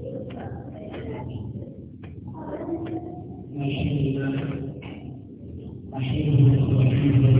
الحمد لله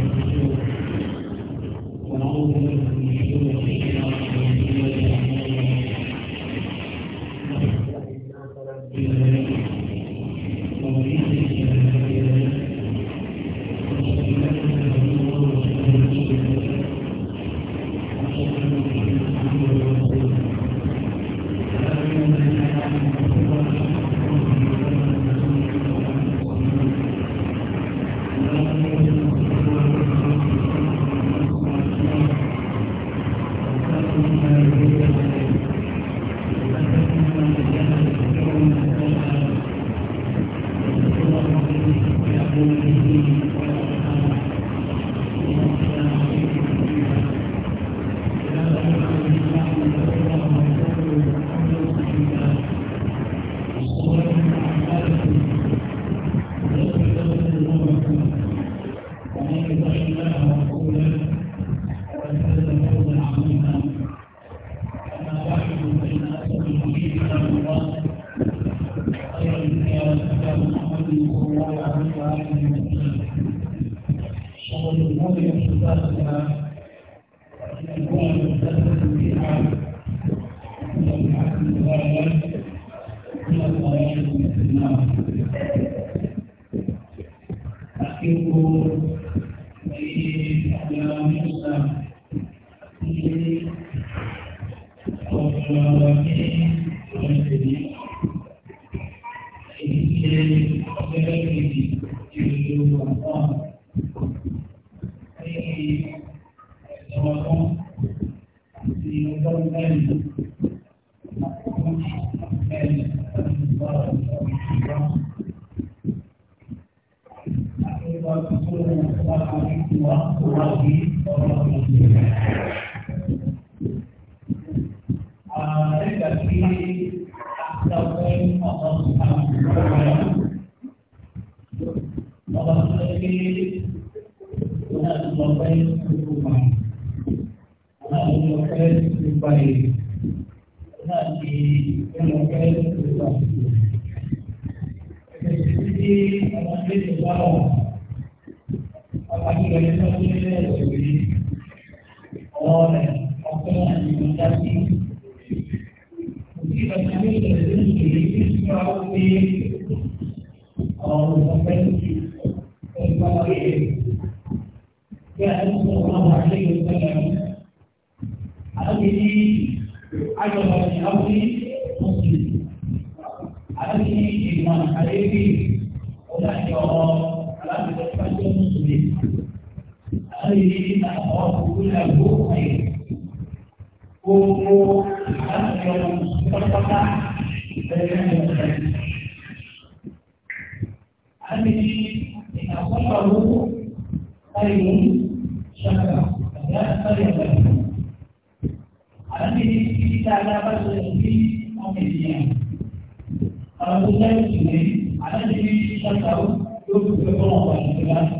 mengkait kembali nanti yang mengkait kembali. Jadi apa yang kita tahu, apa yang kita tahu ini oleh apa yang kita kita kami terjadi di sekolah di awal zaman kita kembali. Ya, itu semua masih عليه عجبا لأمر مسلم عليه إيمان عليه ولا يرى على مدرسة مسلم عليه إن أخاه كله خير قوموا على يوم مستقطع بين الخير عليه إن أخاه خير láì sí ní aláṣẹ ní ṣáṣáwó tó kù fẹ́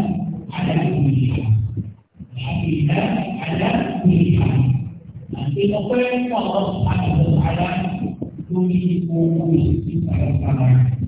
你们会看到产品图牌呢，注意保护隐私财产。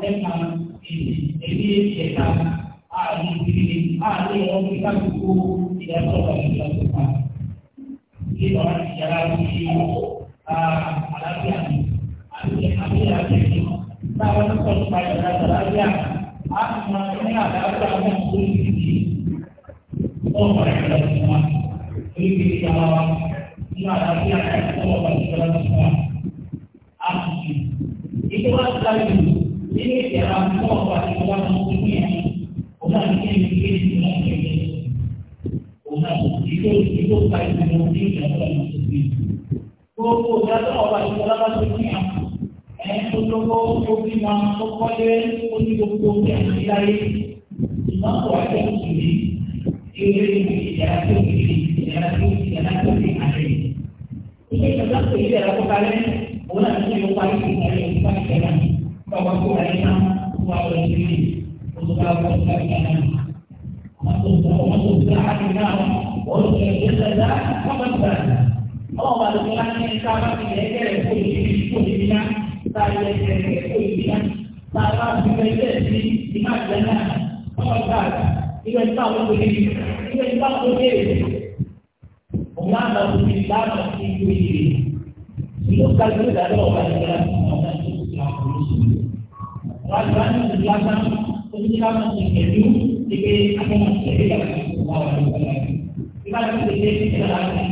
dengan ini kita ahli ini ahli orang kita buku tidak boleh dilakukan. Kita orang jalan di alam ini, ahli ahli ini, tahu tak supaya ada alam yang ahli ini ada alam yang sulit kó ìdílé kó ìdílá tá a yẹ kẹ̀kẹ́ kó ìdílá tá a bá fi fẹ́ ilé ẹ̀sìn ìmá ìjẹ́nà ọmọ gbàgbà ibẹ̀ nípa àwọn òbí ibẹ̀ nípa àwọn òbí òun á lọ sí ìdáàbò sí ìlú ìlú ìlú kájú ìdájọ́ ọ̀gá ìjọba ọ̀gá ìjọba ọ̀gá ìjọba ọ̀gá ìjọba ọ̀gá ìjọba ọ̀gá ìjọba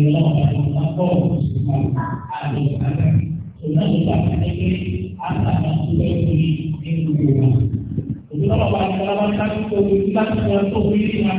Bila dari kampung Sebab ada ada Sudah kita ini Apa yang sudah di Ini juga Itu kalau bahan-bahan Kita bisa Kita bisa Kita bisa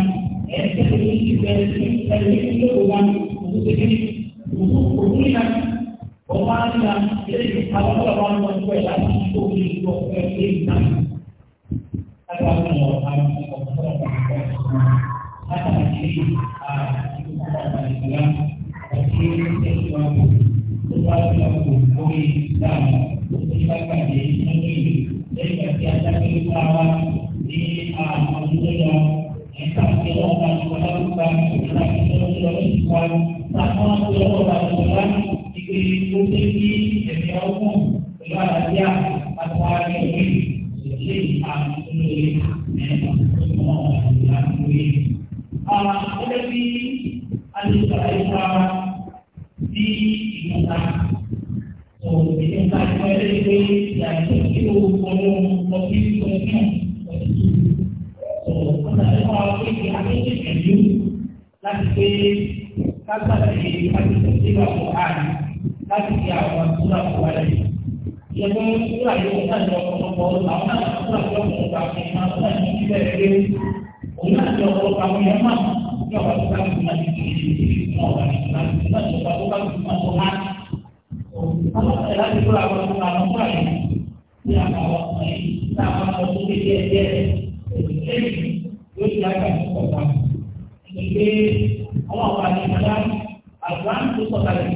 láti fi àwọn àdúrà tó wà lẹ́yìn. Ìyẹ̀wò ìdúrà yóò náà ní ọ̀pọ̀lọpọ̀ àwọn náà àdúrà tó ọ̀pọ̀lọpọ̀ àwọn èèyàn náà ní ìbẹ̀ pé òun náà ọ̀pọ̀lọpọ̀ àwọn èèyàn máa ní ọ̀pọ̀ tó bá kú náà ní ìdílé náà wà ní ìdílé náà ní ọ̀pọ̀ tó bá kú náà tó há. Àwọn ọ̀sẹ̀ láti dúró àwọn ọ̀pọ̀lọpọ̀ àwọn ọ̀pọ̀lọpọ̀ yẹn ní àwọn ọ̀sẹ̀ yìí táwọn ọ̀sẹ̀ ọ̀pọ̀ wa. ní ìgbàlá àgbà tó sọ̀tà lẹ́nu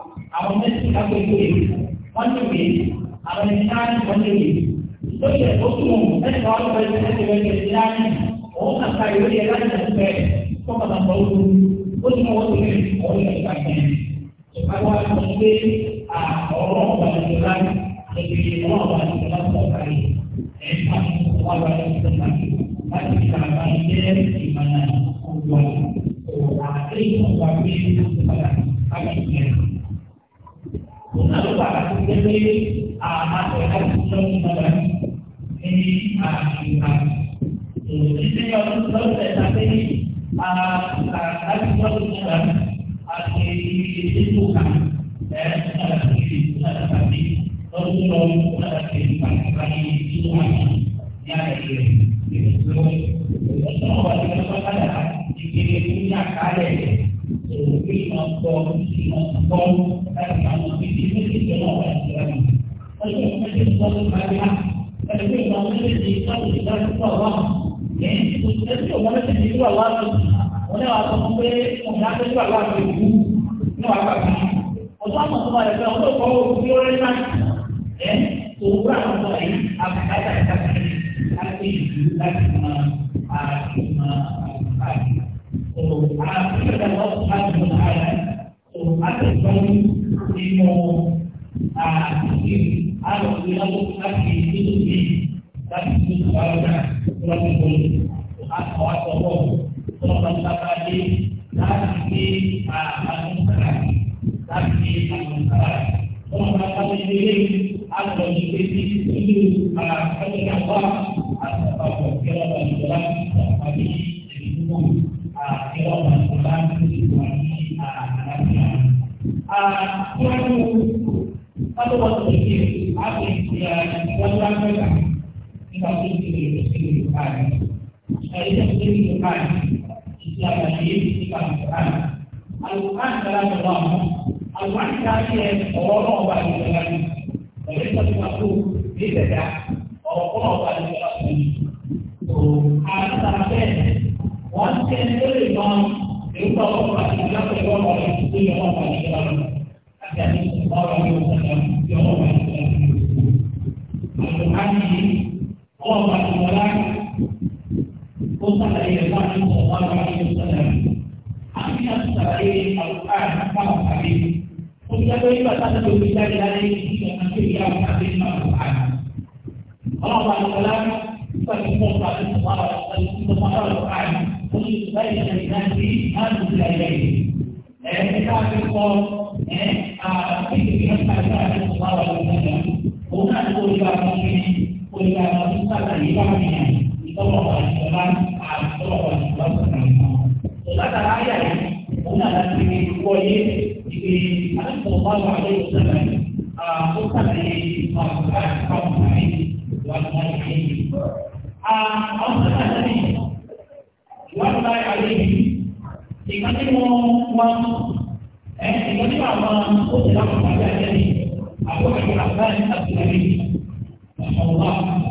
àwọn mẹ́sì agbègbè wọ́n ti gbé àwọn ẹni náà ní wọ́n ti gbé tó yẹ kó tún un ẹ̀sìn wọn lọ́wọ́ ẹ̀sìn ẹ̀sìn ẹ̀sìn ẹ̀sìn náà ní òun náà ka ìwé yẹ láti ẹ̀sìn bẹ́ẹ̀ tó kọ̀ náà lọ́wọ́ ó ti mọ̀ wọ́n ti gbé òun yẹ ká jẹ́ ìpàgọ́ àti gbé ọ̀rọ̀ ọ̀gbà ìjọba àti ìwọ̀n ọ̀gbà ìjọba sọ̀kàlì ẹ̀ka wà wà ní sọ̀kàlì láti fi àgbà ilé ìmọ̀nà ọ̀gbà ọ̀gbà àti ìwọ̀n ọ̀gbà pé àtọ̀ láti tọ́ ní bàbá ní àgbà. Ìdílé ọdún lọ́sẹ̀ tàbí àtàkùn lọ́sẹ̀ tàbí. ọ̀pọ̀ àwọn àti ìlú ní wàhálà bí i ọjọ́ àmọ̀tún bá yẹ fẹ́ ọjọ́ ìkọ̀wọ́ Thank you tapi akan terang, tapi akan terang. Orang akan diri atau diri itu akan terang atau bahwa kita akan terang tapi itu kita akan di mana kita akan terang. Kalau satu waktu apa yang dia akan lakukan? Kita akan diri itu nípa àlùkàn àlùkàn kàrà ní ọ̀rọ̀ àwọn àlùkàn kàrà ní ọ̀rọ̀ náà wà ní ìjọba ní ọ̀rẹ́ sọ́dún wà tó ní ìdẹ̀dá ọ̀rọ̀ kọ́ náà wà ní ìjọba tó ní. tó àtà bẹ́ẹ̀ wọ́n ti ẹni tó lè mọ èrúkọ ọkọ̀ àti ìjọba tó lọ́wọ́ rẹ̀ tó yẹ wọ́n wà ní ìjọba náà tóbi jáde láyé. القرآن وتلقى بعد أبي عبد الرحمن الأسلمي رحمه الله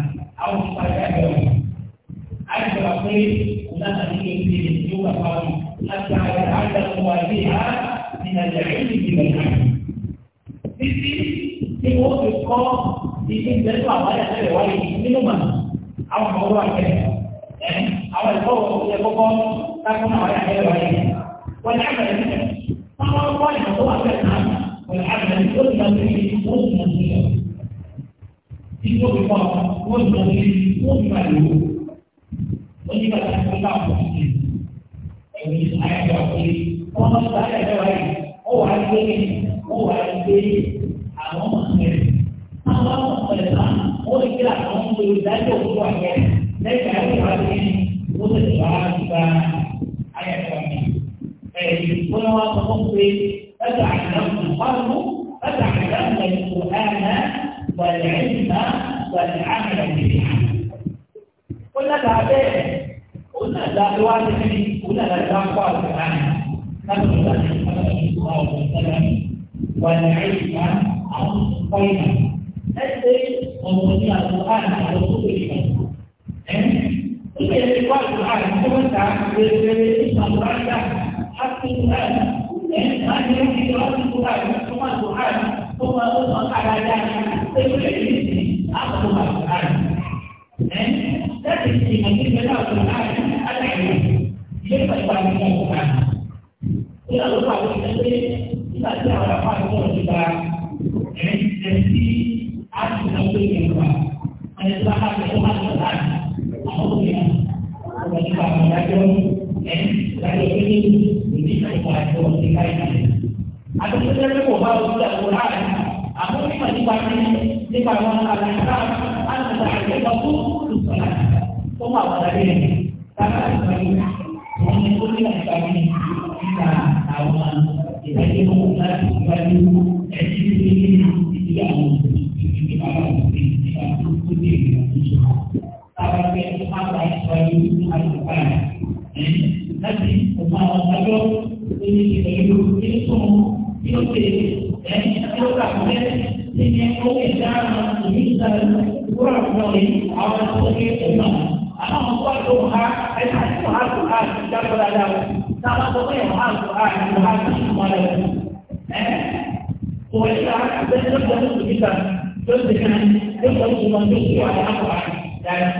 orang yang kafir, anda tidak dapat berbuat salah. Semua pada ini. Al-Hakim Malaki. Kuwaita dan terjadi kita. Terus dengan terjadi manusia ada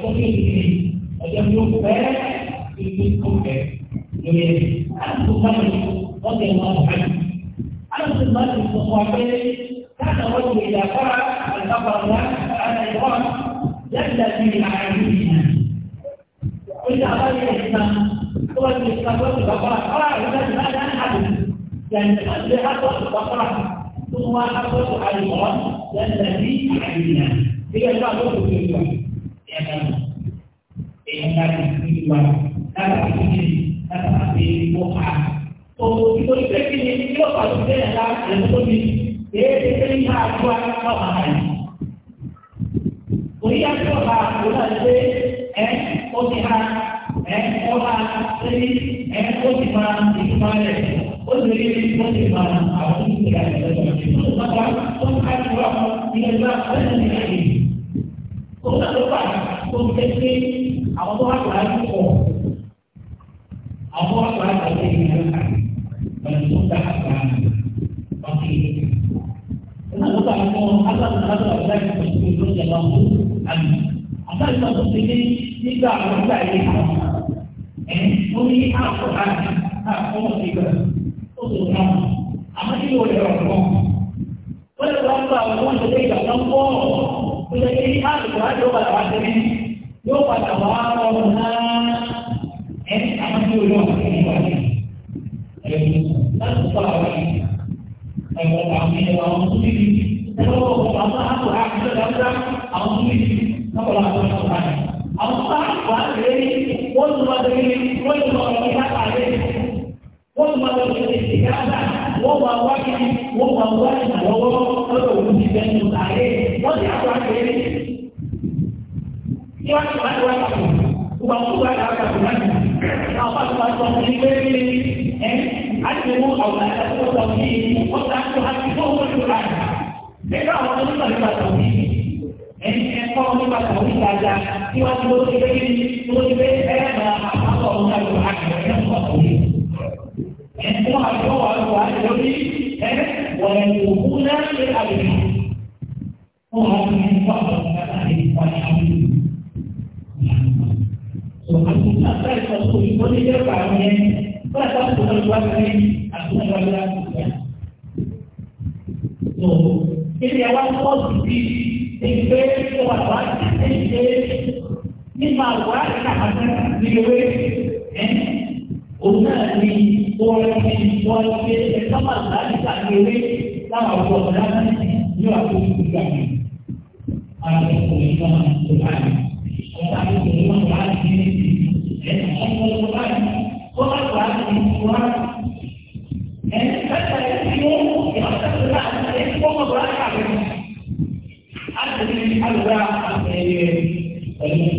aku ini ada ini kuku beres. Aku itu, kau tidak mau kan? Aku tuh kan itu sesuatu yang kau tidak boleh dapat dan tak pernah ada orang yang dari hari ini. Kau boleh bilang, kau tidak tahu ada hal yang tidak pernah tidak Semua aku tuh dan dari hari Thank you. tó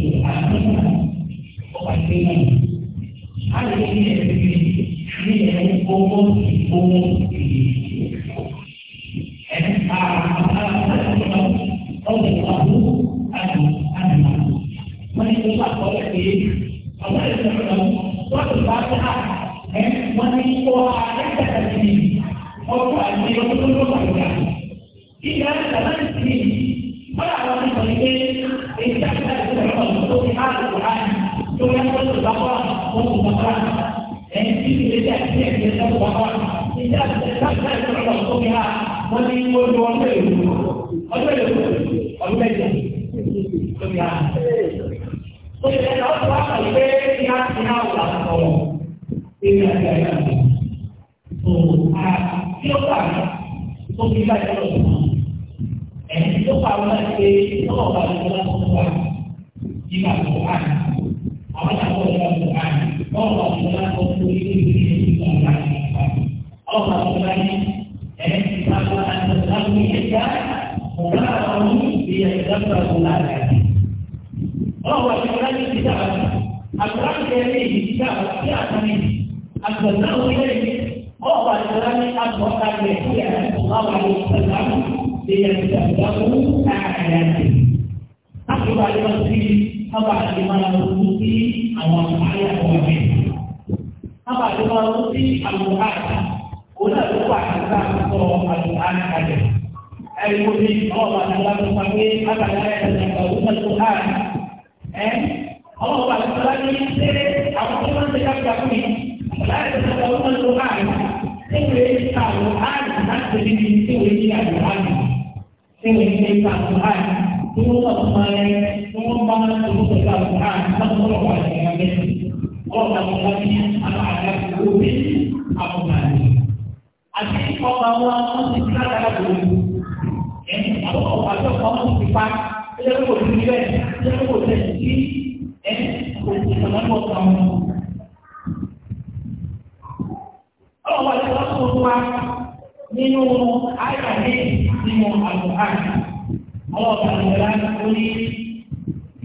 Hari ini, hari ini, hari ini, hari ini,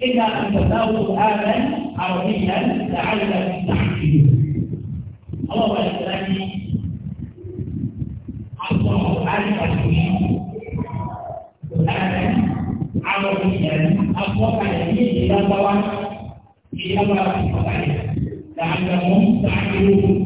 إلا أن تساووا قرآنا عربيا لعلكم تعقلون الله يسلمك عبد القرآن الكريم قرآنا عربيا أصبح يميل إلى طوال إلى طوال لعلهم تعقلون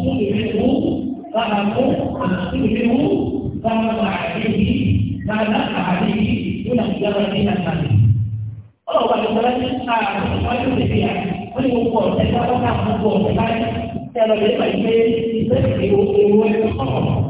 رسوله ظهروا عن سرهم ظهروا عليه ما نفع عليه دون مجرد النفس ọlọ́run bá lọ́sọ̀rọ̀ láti ká àwọn ọmọ ìlú ìyá wọ́n ní gbogbo ọ̀sẹ̀ ká wọ́n ká gbogbo ọ̀sẹ̀ báyìí tẹ̀lọ́ lè bàjẹ́ ìgbésẹ̀ ìwé ìwé ọ̀hún.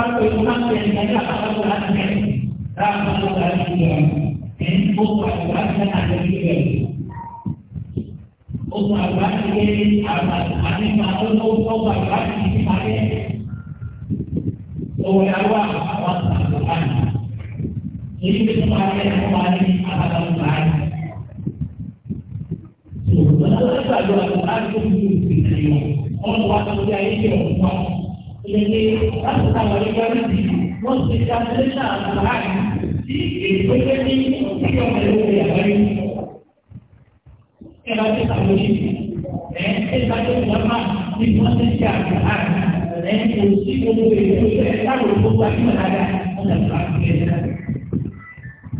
satu orang yang tidak akan berhasil dalam satu hari ini. Dan bukan berhasil ada di sini. Bukan berhasil ini akan ada satu orang yang berhasil di sini. Oleh Allah, Allah Tuhan. Ini kesempatan yang kembali akan berhasil. Sebenarnya, saya berhasil untuk diterima. Orang-orang yang berhasil untuk ìyẹn láti táwọn ẹgbẹ́ rẹ̀ bí wọ́n ti ṣe àtẹlẹ́sà àtàláyé tí èso jẹ́ ní tí ọmọ ẹ̀rọ rẹ̀ àgbáyé. Ẹ bá ti tàwọn oṣù ẹ̀ ẹ́ bá tó ti wọ́n máa ní wọ́n ti ṣe àtàláyé ẹ̀ kò sí gbogbo èso ẹ̀ láwọn gbogbo àdúgbò dáadáa wọ́n ti tàwọn àti ẹ̀ dáadáa.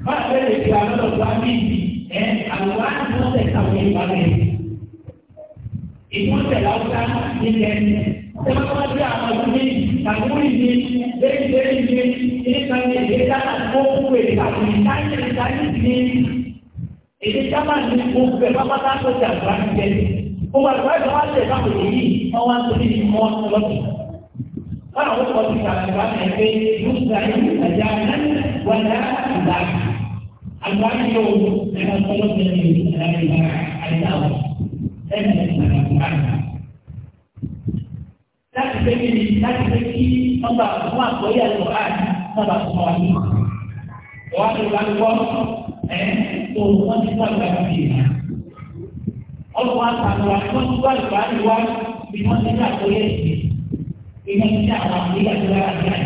Báwo lè fi àwọn Kemudian apa lagi? Tanggul ini, dari dari ini, ini kami kita buku ini, kami kami ini. Ini sama buku berapa tahun jalan ini? Umar saya jalan ke kampung ini, awak tu di mall tu lagi. Kalau aku pergi ke kampung ini, dulu saya jalan, wala tidak. Alwan itu dengan tolong dari orang yang ada. Saya tidak pernah pengine hadi pengine kwamba wako yeye alikuwa saba kwa hiyo watu walikuwa eh kwa wakati wa kabila au hata kwa watu wa bali wa mimi na kwa yeye inaisha kwa kila kila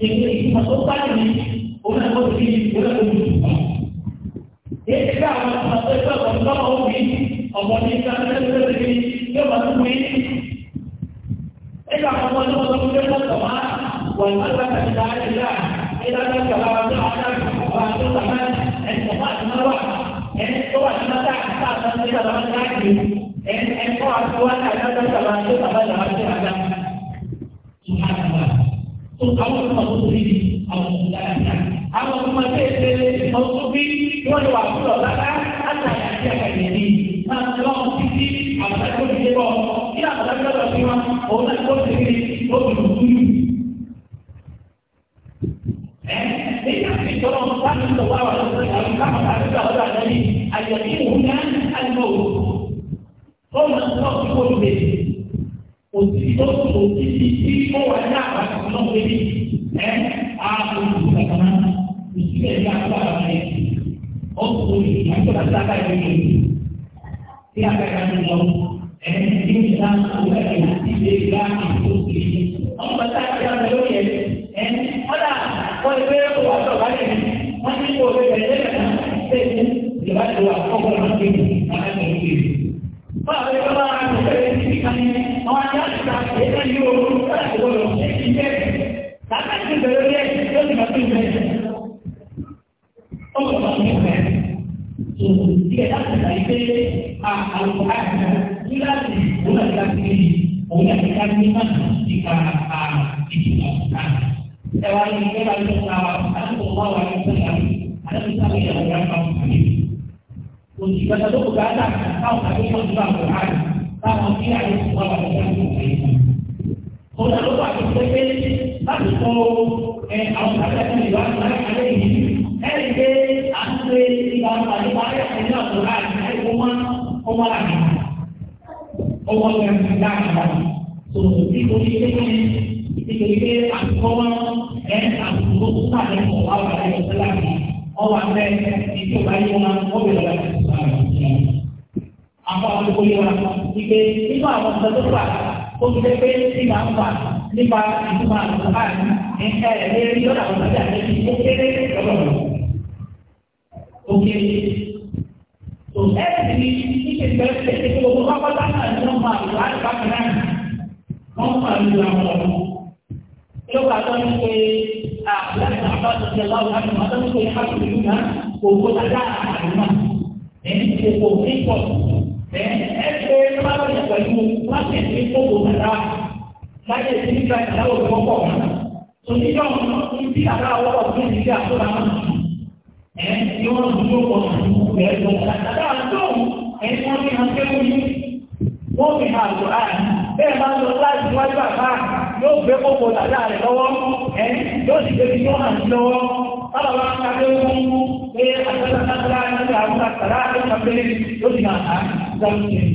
kitu kwa sababu ni una kwa hivi una kwa hivi yeye kama anataka kwa sababu au vipi au mwanisha kwa sababu ni kama mtu إذا قبلت وتقبلت السماء والمرة من دار الله إذا ذلك فأنت عدم وأنت تمام السماء المروة إن سوى المتاع حتى تنزل لمن يأتي إن إن سوى سوى أن ذلك فأنت تمام لمن يأتي سبحان الله تقوم المصدرين أو المتاعين أو المتاعين المصدرين ولو أقول لك أنت يأتيك اليمين ما تلوم òun náà kó ti rí ó ti yóò gbé kókò dàdá rẹ̀ lọ́wọ́ ẹ̀ yóò sì gbé bíi yóò hàn lọ́wọ́ sábà wá ká lé wọ́n mú pé àtàlátàlá nígbà àwùjọ àtàlá àtàlá pélé yóò sì máa ta ìdáhùn yẹn.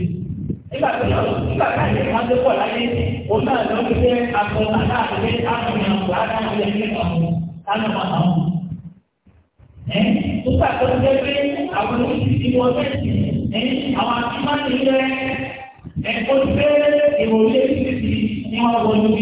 nígbà tó yọ nígbà tá ìyẹn máa dé pọ̀ láyé òun náà lọ sí pé àtọ̀ dàdá àtẹ̀lé àtúnyàn kò á dáhùn yẹn ní ọ̀hún kánú máa hàn. ẹ̀ nígbà tó ń gbé àwọn oníṣìṣì wọn bẹ́ẹ̀ àwọn àti máa ń yẹ ẹ̀ kó gbé ìròyìn èyí ti ní wọn wọ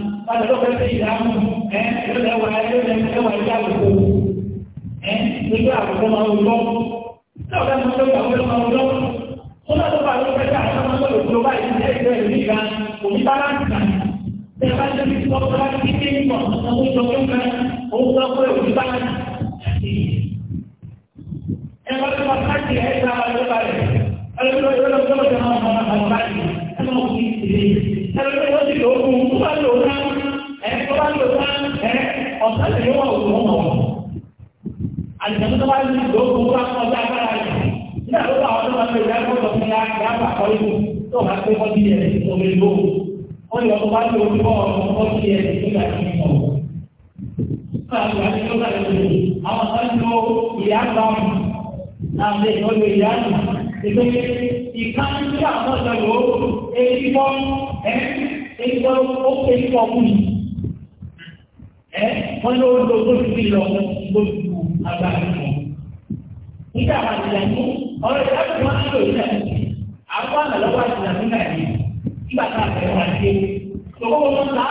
padà ẹgbẹ́ ìdáhùn ẹ lọ́dẹ ó bá lọ́dẹ bá lò tán ẹ ọ̀sán lè yọ wọ́n òun mọ̀ wọ́n. àjẹmọ́ tó bá lò tó kó wá kọ́ sí agbára rẹ̀ nígbà tó bá wọn tó bá lò ìdájọ́ tó fi ya yàgbà kọ́lé mu tó bá pé kọ́ sí ẹ̀ omi lò ó yọ tó bá lò ó kọ́ kọ́ sí ẹ̀ nígbà tó ń bọ̀. àwọn kan lo ìyàgbà àwọn èèyàn lo ìyàgbà ìgbésẹ̀ ìkànnì tí àwọn ọ̀sán lò ó èyí bọ́ ẹ̀ èyí bọ́ ó kéjì ọkùnrin ẹ wọ́n ló ń lo gbóṣù bí lọ gbóṣù agbára kan. nígbà wà ní ìyàtọ̀ ọ̀rọ̀ ìyá tó máa ń lò ní àti àwọn àmà lọ́wọ́ àti ìyàtọ̀ náà yìí nígbà tá a fẹ́ wá dé. tòwó wọn là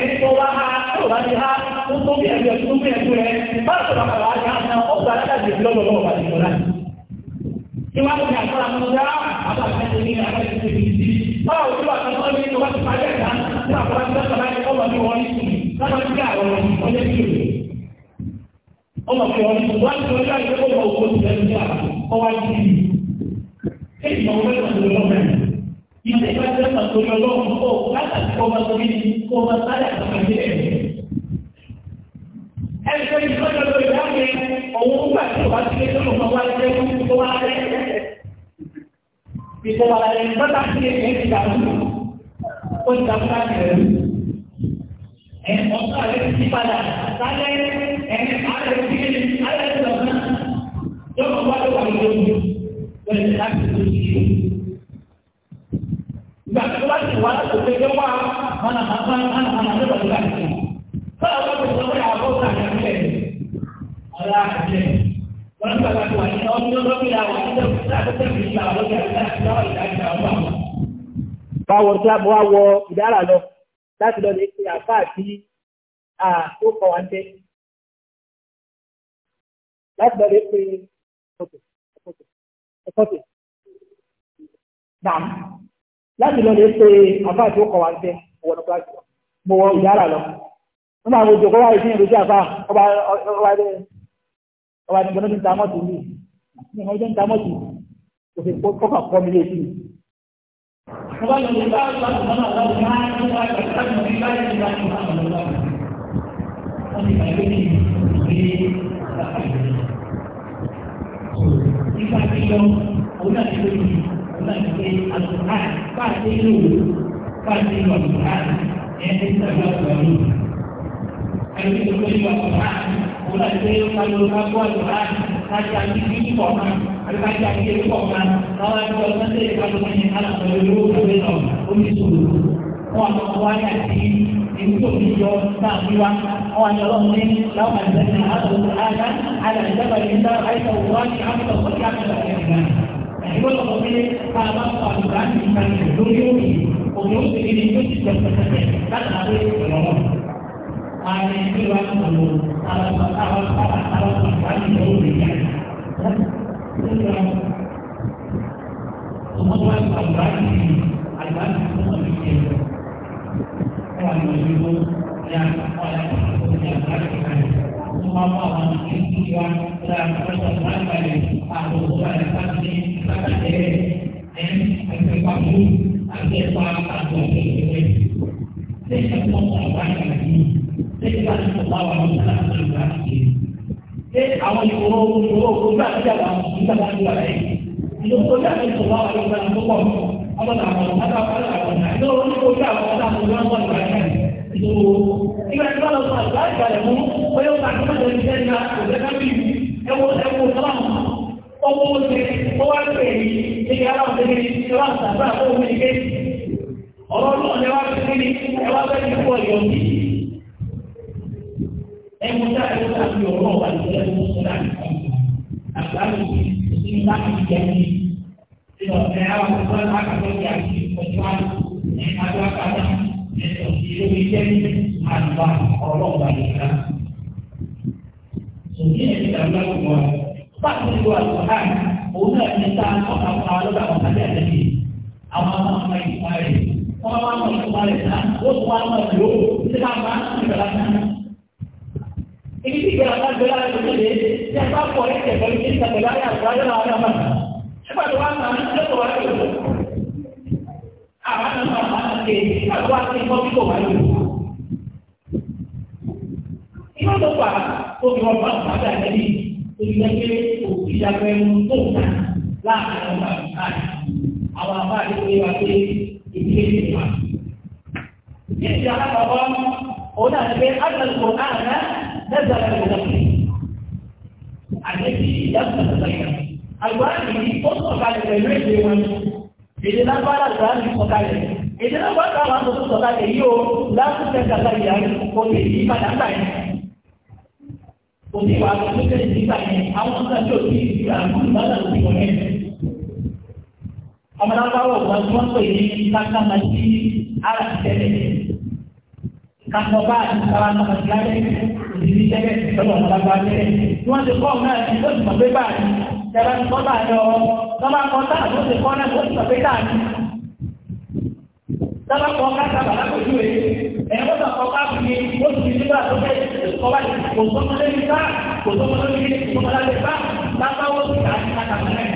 ẹni tó wá ha tó bá ti ha tó tó bí ẹgbẹ́ tó bí ẹgbẹ́ rẹ bá tó bá kàwá ti ha náà ó gbà látàgbè lọ́wọ́lọ́wọ́ bá ti lọ láti. ìwádìí ọmọ kẹ wọn ti wá ti wọn láti ẹ̀kọ́ ọmọ òkú ti lẹ́nu yá ọwọ́ àti ìlú èyí ni ọmọ ẹgbẹ́ tó lọ mẹ́rin ilé ìgbà tó lọ tó lọ lọ́wọ́ kó látàkì kó ọmọ tóbi ní kó ọmọ sáré àtàkì ẹ̀ ẹni tó ti tọ́jú lọ ìyá mi ọ̀hún gbà tí o bá ti lé lọ́wọ́ ọmọ wa jẹ́ kó wá rẹ̀ ìṣẹ̀wà rẹ̀ bọ́tà sí ẹ̀ ẹ̀ ti dàgbù ó ti dàgbù láti rẹ̀ wọ Islam wá wọ ìdára lọ láti lọ lè pe àfa àti tó kọ wá ń tẹ́ láti lọ lè pe ẹ̀kọ́tẹ̀ náà láti lọ lè pe àfa àti tó kọ wá ń tẹ́ ọwọ́ nípa àjọ mo wọ ìdára lọ wọ́n máa ń wojú ọkọ̀ wáyé sí ìròyìn àfa ọba ọba ẹ̀ ọba ẹ̀ gbọ́dọ̀ ti ń ta mọ́tò yìí ní ọjọ́ ń ta mọ́tò kò sì kọ́kọ́ kọ́ mi lé sí i. وقال لي بعد ما الله معك وقال لي في بعد ما محمد الله أنت أبني في Nípa ìjọ ọ̀nà ìgbèjì ọ̀nà ìgbè àtùmá pàṣẹ ìlú pàṣẹ ìlú àtùmá ẹni tàbí àtùmá. Àyẹ̀wò ìgbèjì àtùmá ọ̀nà ìgbè ọ̀nà ìgbè àtùmá kájà ní bí kíkọ̀ kan àbí kájà ní bí kíkọ̀ kan káwá ní ọjọ́ sẹ́ńtẹ̀ ìpàdé wọn ní alàpẹ̀lẹ̀ olówó kọ̀wé náà ó ní sòrò wọn àwọn ọmọ wáyà sí èyí tó fi yọ náà bí wa wọn àti ọlọ́run ní láwọn àti sẹ́ńtẹ̀ àtàwọn àdá àdàlẹ́gbẹ̀rẹ̀ nígbà àìsàn wọn ní àwọn ọ̀pọ̀ tí a kàn lọ ìgbọ́dọ̀ sọ pé ká bá fọ àlùkò àti ìkànnì lórí òkè òkè òkè ni yóò ti jẹ pẹtẹpẹ láti àbẹ ìrànwọ́ ààrẹ ní wa ń sọ̀rọ̀ àwọn àwọn àwọn àwọn àǹfààní ìlú rẹ̀ yá. Ọmọ wa ń sọ̀rọ̀ àti àgbà olùsòwò ojú àti àgbà nígbà tá a ti wà láyé ìlú ojú àti ìṣòwò àwọn ìgbà tó pọ̀ mọ́ ọgbọ́n àwọn ọ̀dọ́ àwọn àwọn ìlú ojú àwọn ọ̀dọ́ àwọn ìgbà wọn ìgbà yẹn ìlú ìgbà tí wọ́n lọ sọ àgbà ìgbàlẹ̀ mú oyè ọ̀gá tó máa lọ́ọ́ ìṣẹ́ ní àgbẹ̀ kábí ẹwọ ẹwọ sọ́lá ọwọ́ oṣù ọwọ́ àgbẹ̀ yìí ṣe kí àtọ́jà yìí. peruntungan lah yang bukan apa-apa diperlukan diperlukan. Jadi jangan bawa orang sebenar dan Qurannya eh, nazar kepada kita. Ada tidak terbaik. Al-Quran ini pokoknya dari Tuhan. Jadi apa alasan pokoknya? Jadi apa alasan untuk pokoknya? Yo, langsung kita lihat kondisi pada anda. òtí wà á tó tẹ̀lé nígbà yẹn àwọn ọ̀sán tó ti di àgbo ìbára òtí wọ̀ yẹn. ọmọdé aláwọ̀ wọn tí wọ́n pè ní káńtà máa ti ara ti tẹ̀lé káńtà bá ara náà ti lábẹ́ òtítí tẹ́lẹ̀ lọ́wọ́ ọmọdé aláwọ̀ tẹ́lẹ̀ tí wọ́n ti kọ́ ọ̀hún náà ti lọ́sùn pé báyìí tẹ̀lé ti kọ́ báyìí ọ̀ tọ́ba kọ́ táà tó ti kọ́ náà tó ti sọ pé káàkiri tọ́ba kọ́ ká সবাই প্রথম হলে কিনা প্রথম হলে কিনে কিনা দেখা তা তাও কাজটা কাজ নাই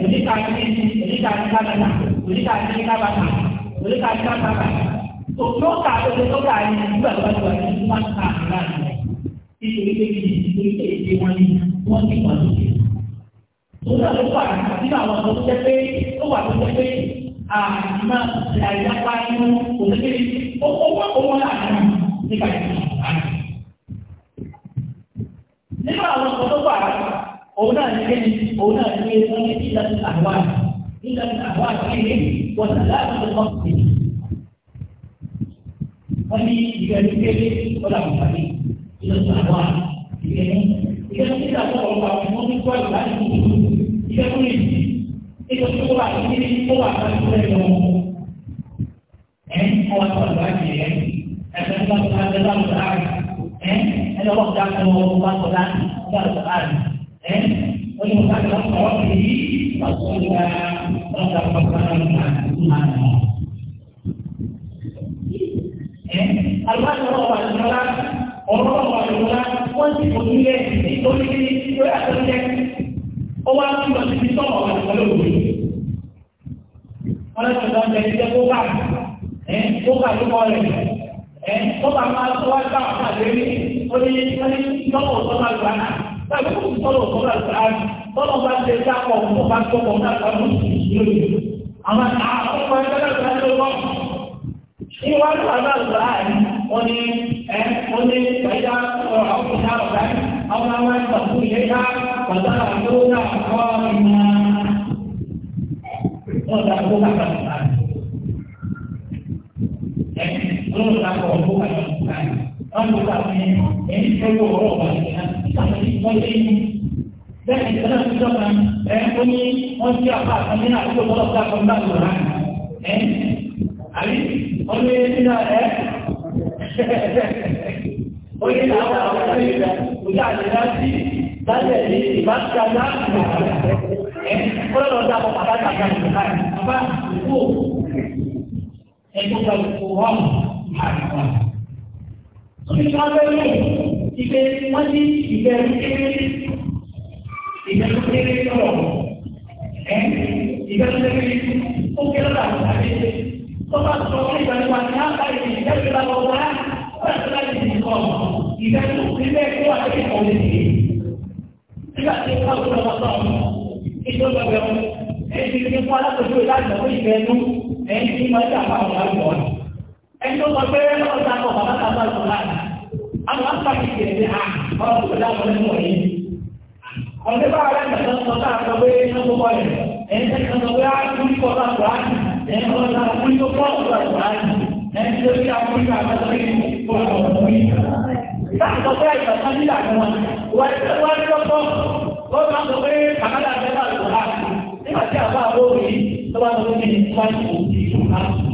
যদি কাজটি যদি কাজটা কাজা যদি কাজটি না বাসা যদি কাজটা থাকা তো কেউ কাজে যে তো কাজ নেই বাবা তো আছে তোমার কাজ না কি তুমি কে কি তুমি কে কি মানি মানি মানি তোরা তো পারা কি না আমার তো কেটে তো বাদ কেটে আ ইমা লাইয়া পাইনু ওদের কি ও ও ও ও লাগা 你敢信吗？你把我们都管了，我们那天，我们那天生意一人百万，一人百万经营，我是那么的高兴。我你一个人给我打五百亿，一人百万，一个人，一个人现在我把我们关了来读书，一个人，一个人我把一个人我把他出来了，哎，我把他来接。ketika Tuhan datang berani. Eh, ada waktu yang mau berubah berani, baru berani. Eh, oleh Tuhan datang berani, pasti juga datang berani Tuhan. Eh, Allah orang orang berani, orang orang berani, orang orang berani, ẹ máa tó wá gbà fún àlérí ó ní wọ́n tó bá gbà náà báyìí kò tó lọ́wọ́ tó bá gbà á tọ́lọ́ bá ṣe dápọ̀ tó bá tó kọ̀ náà bá mú sí lórí àwọn àwọn ọmọ ẹgbẹ́ náà gbà ló wọ́n ní wọ́n gbà á yìí wọ́n ní ẹ wọ́n ní pẹ̀lú ọkùnrin náà ọ̀gá àwọn àwọn ẹgbẹ́ fún ilé ká bàbá àgbẹ̀wò náà kọ́ ìmọ̀ Kalau tak kau buka yang bukan, kalau tak ni, ini perlu orang macam ni. Tak ada ini. Dan kita dah tunjukkan, eh, kami, orang siapa, kami nak ikut orang tak pernah orang. Eh, Ali, orang ini tidak eh. Oh, ini apa? Ini sudah jadi, dah jadi, dibatkan lah. Eh, kalau orang tak pernah tak pernah. Apa? Ibu. Ibu tak pernah. àgbà. Sọ́dí ká ìgbẹ́ wọ́n ní ìgbẹ́ kéré ìgbẹ́ tó lọ́wọ́. Ẹ ìgbẹ́ tó kéré tó kéré lọ́wọ́ àti àti tọ́ba sọ fún ìgbà ní àbáyé ìgbẹ́ tó lọ́wọ́ wá wọ́n láti dì kọ́ ìgbẹ́ tó kéré tó wà lórí ìkọ̀ lè dì. Nígbà tí wọ́n kọ́ lọ́wọ́ sọ̀rọ̀ ní fún alákòóso ìlànà ìgbẹ́ nú ẹ̀ẹ́dì máa dà 哎，如果别人说他不好，他怎么办？怎么办？他马上去解决啊！他自家不能委屈。啊，没办法，让他说他，他不会说不回来。哎，他不会爱，不理不搭的，哎，他不会爱，不理不搭的，哎，他只会爱，不理不搭的，哎，我不同意。哎，他不会爱，他理他干嘛？我我我我我刚说别人看不下去了，怎么办？你把电话拨过去，我把这个事情关系处理清楚。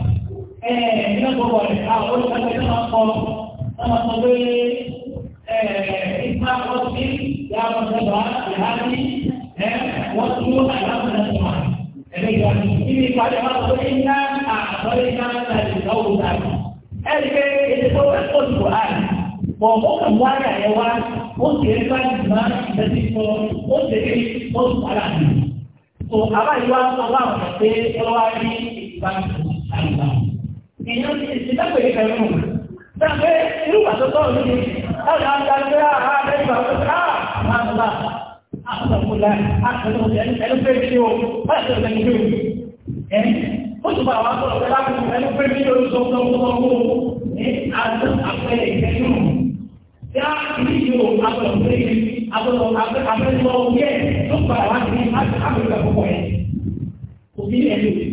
ẹ̀ẹ́dínlẹ́ eh, gbogbo rẹ̀ àwọn pé eh, ìgbà eh, wọ́n ìgbà tó àbáyé èèyàn ti ìdápẹ̀ ìkẹrù mù sáfẹ́ irúgbà tó tọ́ ní ọ̀rọ̀ àgbàgbé àhá mẹ́fà tó ká àmàlà àpọ̀lá àpọ̀lá ẹnu pé kí o bá ṣe ọ̀sẹ̀ ní ìlú ẹ̀ ó tún bá wà sọ̀rọ̀ pẹ̀lú àpọ̀lá ẹnu pé kí o sọ fún ọmọ ọmọ ní àpẹẹrẹ ìkẹrù mù yá ìdí ìlú àpọ̀lá pé àpọ̀lá àpẹẹrẹ ìkẹrù mù yẹ tó gbà wá sí àpẹẹrẹ ìkẹrù mù yẹ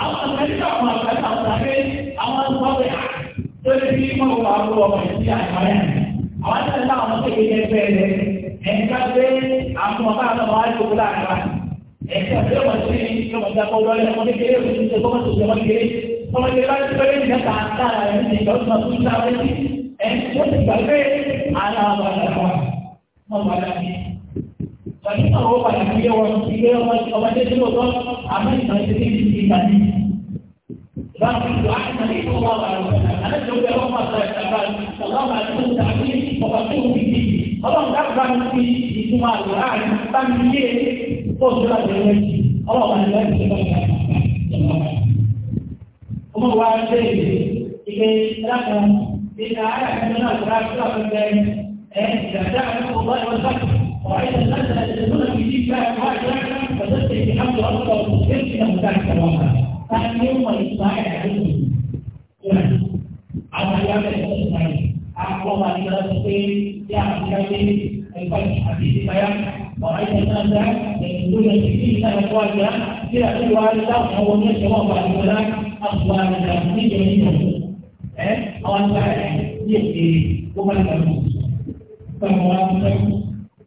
àwọn àtàlẹ́sà àwọn àgbàtà àtàlẹ́ àwọn àgbàwẹ̀ tó lè fi mọ́ ọ̀pọ̀ àwọn ọmọ ìdí àgbáyà àwọn àtàlẹ́sà àwọn tó yẹ ẹgbẹ́ rẹ ẹ̀ka pé àwọn ọ̀pá àwọn ọmọ àjò kúlà àgbà ẹ̀ka pé wọ́n ti ní ọmọ ìdàpọ̀ lọ́lẹ̀ ọmọ kékeré kékeré ọmọ kékeré bá ti fẹ́rẹ́ ìjẹta àtàrà ẹ̀ ní ìjọ tó ń sáré Tapi kalau orang banyak dia orang kira orang orang dia semua tu, apa yang saya sedih di sini tadi? Sebab itu ada di semua orang. Ada juga orang masa sekarang, kalau ada pun tak ini, apa pun tinggi. Kalau tak ganti di semua orang, tak dia, tu sudah jadi. Kalau ada lagi sebabnya. Kamu buat sendiri. Jika tidak, tidak ada kenal kerja kerja kerja. Eh, jangan buat orang sakit. وإذا الناس لا يجدون في ذلك حاجة فتبقى في حمد أرضا ومسكين في مكان كمامة فأنا يوم الإسماعي عدوه على أيام الإسماعي أعلم أن الله سبحانه يا أخي الفتح حديث بيان وأيضا الناس يجدون في ذلك الحاجة في أقل وعلى الله هو من الشباب على الملاك أصبار الناس من جميع الناس أولا يجب أن يكون هناك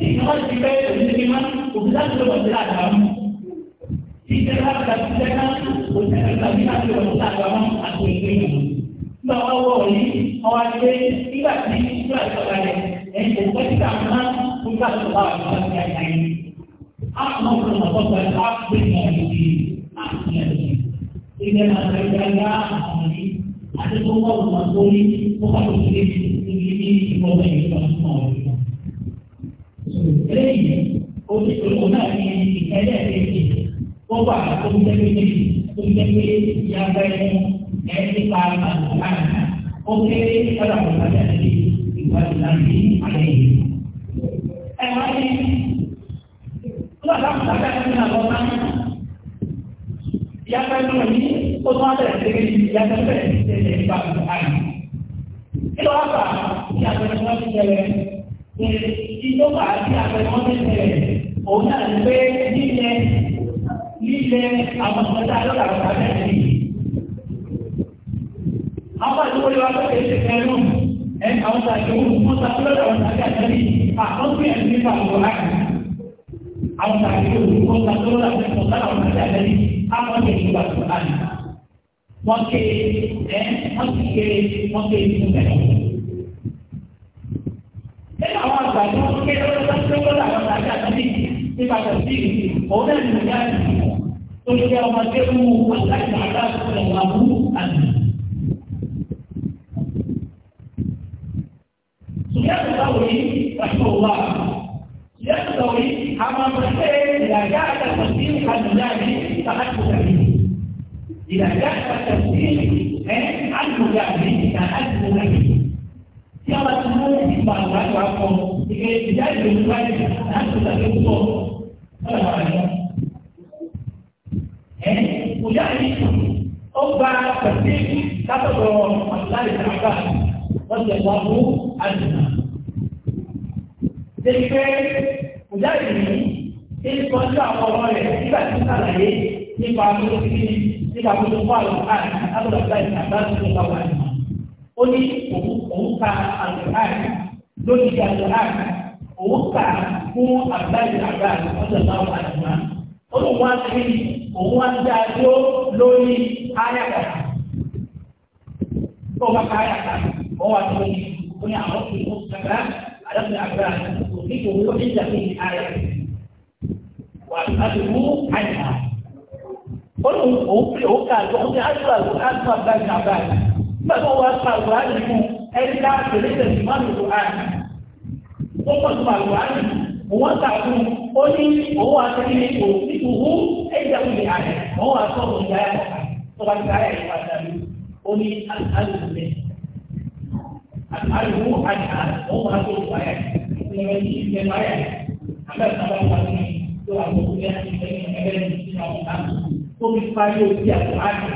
今天晚上一杯，明天晚上我不要这个大肠。今天晚上，今天晚上我不要这个大肠，不要这那我我明天，我明天礼拜天礼拜六来的，哎，不管去干什么，回家就到，一天天的。阿姆斯特朗说：“阿姆斯特朗说，阿姆斯特朗说，阿姆斯特朗说，阿姆斯特朗说，阿姆斯特朗说，阿姆斯特朗说，阿姆斯特 तुमसे भी नहीं तुमसे भी या गए ऐसे बात उसे पता होता है कि बदलावी आएगी ऐसे तो हम सादा करना होता है या कर नहीं तो बात रहते हैं या कर रहते हैं बात आएगी तो आपका क्या करना चाहिए ये चीजों का क्या करना चाहिए होना है ilé àwọn ọmọdé àlọ́ làwọn sáré ẹ̀ nìyí. Apá ìwọ́n yóò wá tó kéèké ẹ̀rọ ẹ̀ka ọ̀sà ìwọ̀n ọ̀sà ọ̀sà ọ̀sà ọ̀sà ẹ̀rí àkọ́kọ́ ẹ̀ nípa ọ̀rọ̀ láti. Àwọn ọ̀sà ìwọ̀n ọ̀sà ọ̀sà ọ̀sà ọ̀sà ẹ̀rí àkọ́kọ́ ẹ̀ nípa ọ̀rọ̀ láti. Wọ́n ké تلك مجمع الأكل على كل الأمر أنه سياق الدوري رحمه الله سياق الدوري أما مسائل إذا جاء التفسير عن مجاهد فأكل تفسير إذا جاء التفسير عن مجاهد فأكل تفسير Siapa semua di bangsa aku, jika tidak dibuat, aku tak cukup. Kalau mujahid ubah bersih kata berawal masalah di terakhir wajah wabu adna jadi mujahid ini ini puasa awal-awal tiba kita lagi ini pahamu ini tiba kutu pahamu kan atau berkata yang ada di tahu adna ini buka al-Quran dunia al-Quran buka ku al-Quran wajah wabu adna Orang wajib òun wá ń dá dúró lórí ayàkà tó bá ká ayàkà òun wá tó ní òun ní àwọn kì í mú kàkà àdàpọ̀ àgbà òní kò wúlò ní ìjàpín ayàkà wà láti mú àyà ó ní òun pè ó kà ló ń ní àjọ àlọ́ àjọ àgbà ní àbá nígbà tó wà pa àgbà yìí mú ẹni ká tẹ̀lé tẹ̀lé má lòlò àyà ó pọ̀ tó àgbà yìí òun wá kà fún ó ní òun wá ní òun ní ìdùnnú ẹ̀jẹ̀ wù ní àyè mọ́ wà ìyá ẹ̀ tó ti ayé ìwà dàbí ó ní alùpùpù alùpùpù àyà mọ́ wà sọ wọn ìpínlẹ̀ ní ìpínlẹ̀ ayà abẹ́rẹ́ sábà wà ní tó wà lọ́wọ́ ní àtìlẹ́yìn ẹgbẹ́rẹ́ ní ìpínlẹ̀ àwọn ọ̀gá tó fi parí ojú àpò àyè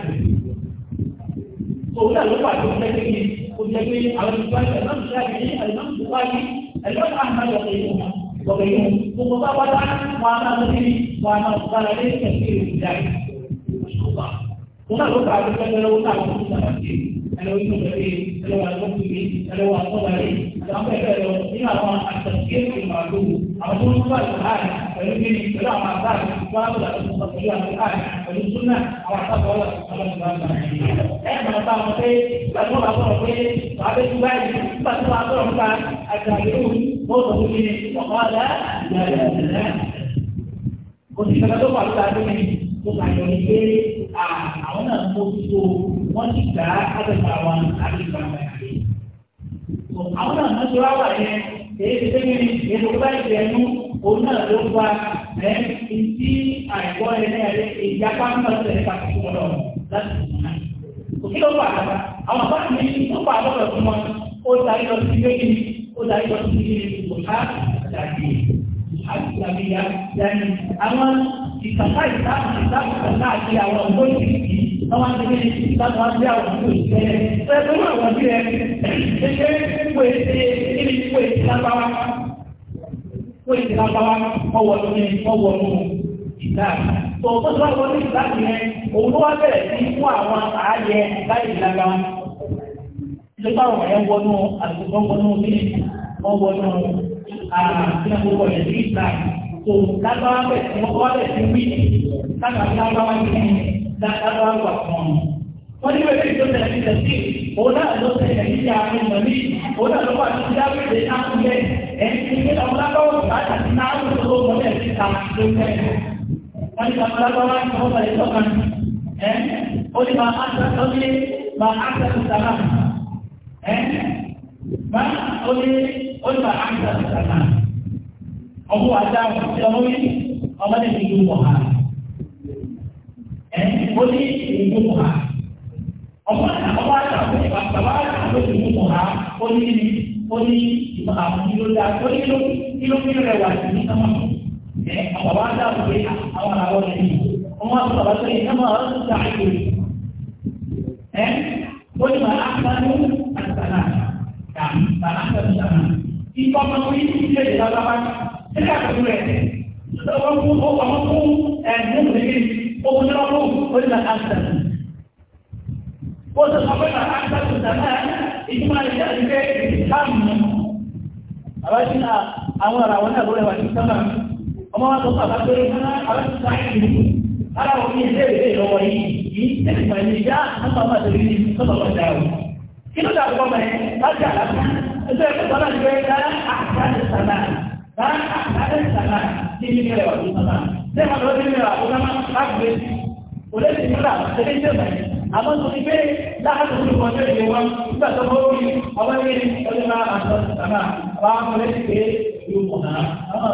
òun náà ló wà tó fẹ́ kéde kò jẹ́ pé àwọn ìgbàlẹ̀ náà ń ṣe àgbẹ̀yìn àlùmọ́ ìgbàlẹ̀ àlùmọ́ àmàlẹ́ وانا اقبل عليه كثير من ذلك مش خطا وما قلت لو وقع في مسافه انا وين مسافرين انا وين مسافرين انا وين مسافرين الامر كذا فيها طبعا التفكير في المعلوم او كل ما الحال فيمكن اقتراع مع ذلك الاسلام ولا تستطيع ان تقع وللسنه او اعتقد ولا تستطيع ان وقال لا لا لا لا òṣìṣẹ́ tó wà lóta tó ní tó kà yọ ní pé àwọn náà mú tó wọ́n ti gbà á àgbẹ̀fà wọn àti ìgbà wọn àti. àwọn náà mú tó wá wà yẹn èyí ti tẹ́lẹ̀ ní èdè tó bá ìgbẹ́ ẹnu òun náà ló fa ẹ̀ ìdí àìkọ́ ẹ̀ náà ẹ̀ ìyapa ń bọ̀ sẹ́yìn pàtàkì wọn lọ láti sùn náà. òkè ló fà á àwọn bá mi tó fà á lọ́dọ̀ fún wọn ó darí lọ sí ilé àìsàmìyà yẹni àwọn ìtàkà ìtàkà ìtàkà káàkiri àwọn ọmọ ìrìkì àwọn àtẹ̀lẹ́ ìtàkà àgbà tí a kókò rẹ̀ sí islam tó lágbára bẹ̀ tí wọ́n kọ́ bẹ̀ sí wíìlì lágbà tí lágbára ní lágbára wà fún ọmọ. wọ́n ní wẹ́rẹ́ ìjọ tẹ̀lé ní tẹ̀sí òun náà ló tẹ̀lé ní ìyá àwọn ènìyàn ní òun náà ló wà ní ìyá wíìlì láwùjẹ ẹni tí ní àwọn lágbára wà láti náà ló tó wọ́n bẹ̀ sí ta ló tẹ̀. wọ́n ní àwọn lágbára ní wọ́n bẹ̀rẹ̀ sọ́kàn ẹ́ ó ní máa á sọ́kàn ó ní kàkà ọmọ wa dá ọmọ yìí ọmọ ní ìlú wọ̀ ha ẹ̀ ó ní ìlú wọ̀ ha ọmọ àti ọmọ àti àwọn ìbá bàbá àti àwọn ìlú wọ̀ ha ó ní ó ní ìmọ̀ àwọn ìlú dá ó ní ìlú ìlú ìlú rẹ̀ wà sí ní sọ́mọ́ ẹ̀ àwọn wa dá ọmọ yìí àwọn àwọn ọmọ yìí ọmọ àti bàbá tó yẹ ìjọba nígbà tó rẹ̀ wọ́n fún ọmọ fún ẹ̀ẹ́dùn níbi ogun náà fún orílẹ̀ àṣà. Ó sọ pé màá àṣà tó dàgbà ìjọba ìjà ìgbé ìkáàmù. Àbájú náà àwọn ará wọn náà lórí ẹwà ní sábà. Ọmọ wa tó bàbá pé wọn àbájú sáyé ìlú. Ara òun ní ilé ìwé ìlọ́wọ́ yìí yìí tẹ̀síwájú ìjà àbábà tó rí ní sọ́bàbà dáa. Kí ló dà ẹjọ́ ìpẹ́tọ́ náà ti gbé dá àkàdé sàlá dá àkàdé sàlá kí ní ilé ọ̀dún sàlá ṣé wọn lọ́ọ́ nílé àbúrò máa ń gbé sí kò lè ti nílà ṣẹlẹ̀ ìjọ bàjẹ́ àmọ́ tó ti gbé láàbù tó kọjú ìlú wọn nígbà tó bó rí ọwọ́ ní ọdún máa máa sọ sàlá wọn á mọ̀lẹ́ ti gbé ìlú mọ̀nà àwọn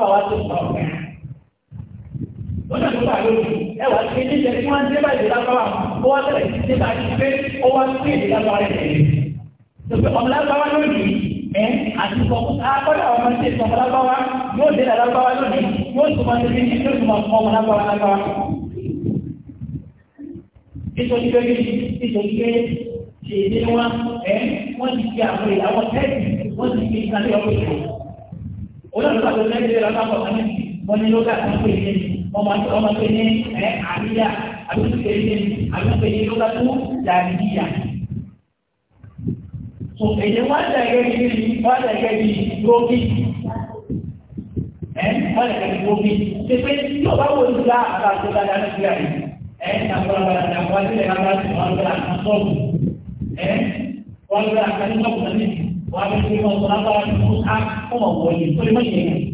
ọ̀rọ̀ ẹ̀ ó náà nípa lórí ẹ wá sí ní ìjẹsí wọn dé báyìí lágbára ó wá bẹ̀rẹ̀ sí dé báyìí pé ó wá sí èdè lágbára rẹ̀ lórí ọmọ lágbára lórí ẹ àti akọ́dà ọmọ sí èdè ọmọ lágbára yóò dé lágbára lórí yóò tó máa débi ní yóò tó máa fọ ọmọ lágbára lágbára. nítorí pé nítorí pé ṣe èdè wọn ẹ wọn ti fi àwọn ìlànà tẹ́ẹ̀tì wọn ti fi Mama itu orang macam ni, eh, ahli dia. tu itu kerja ni. Habis itu kerja itu tu jadi dia. So, kerja mana yang kerja ni? Mana yang kerja ni? Grogi. Eh, mana yang kerja grogi? Sebab itu, kita tahu juga apa yang kita ada di sini. Eh, yang kurang berat, yang kurang berat, yang kurang berat, yang kurang berat, yang kurang berat, yang kurang berat, yang kurang berat, yang kurang berat, yang kurang berat, yang kurang berat, yang kurang berat, yang kurang berat, yang kurang berat, yang kurang berat,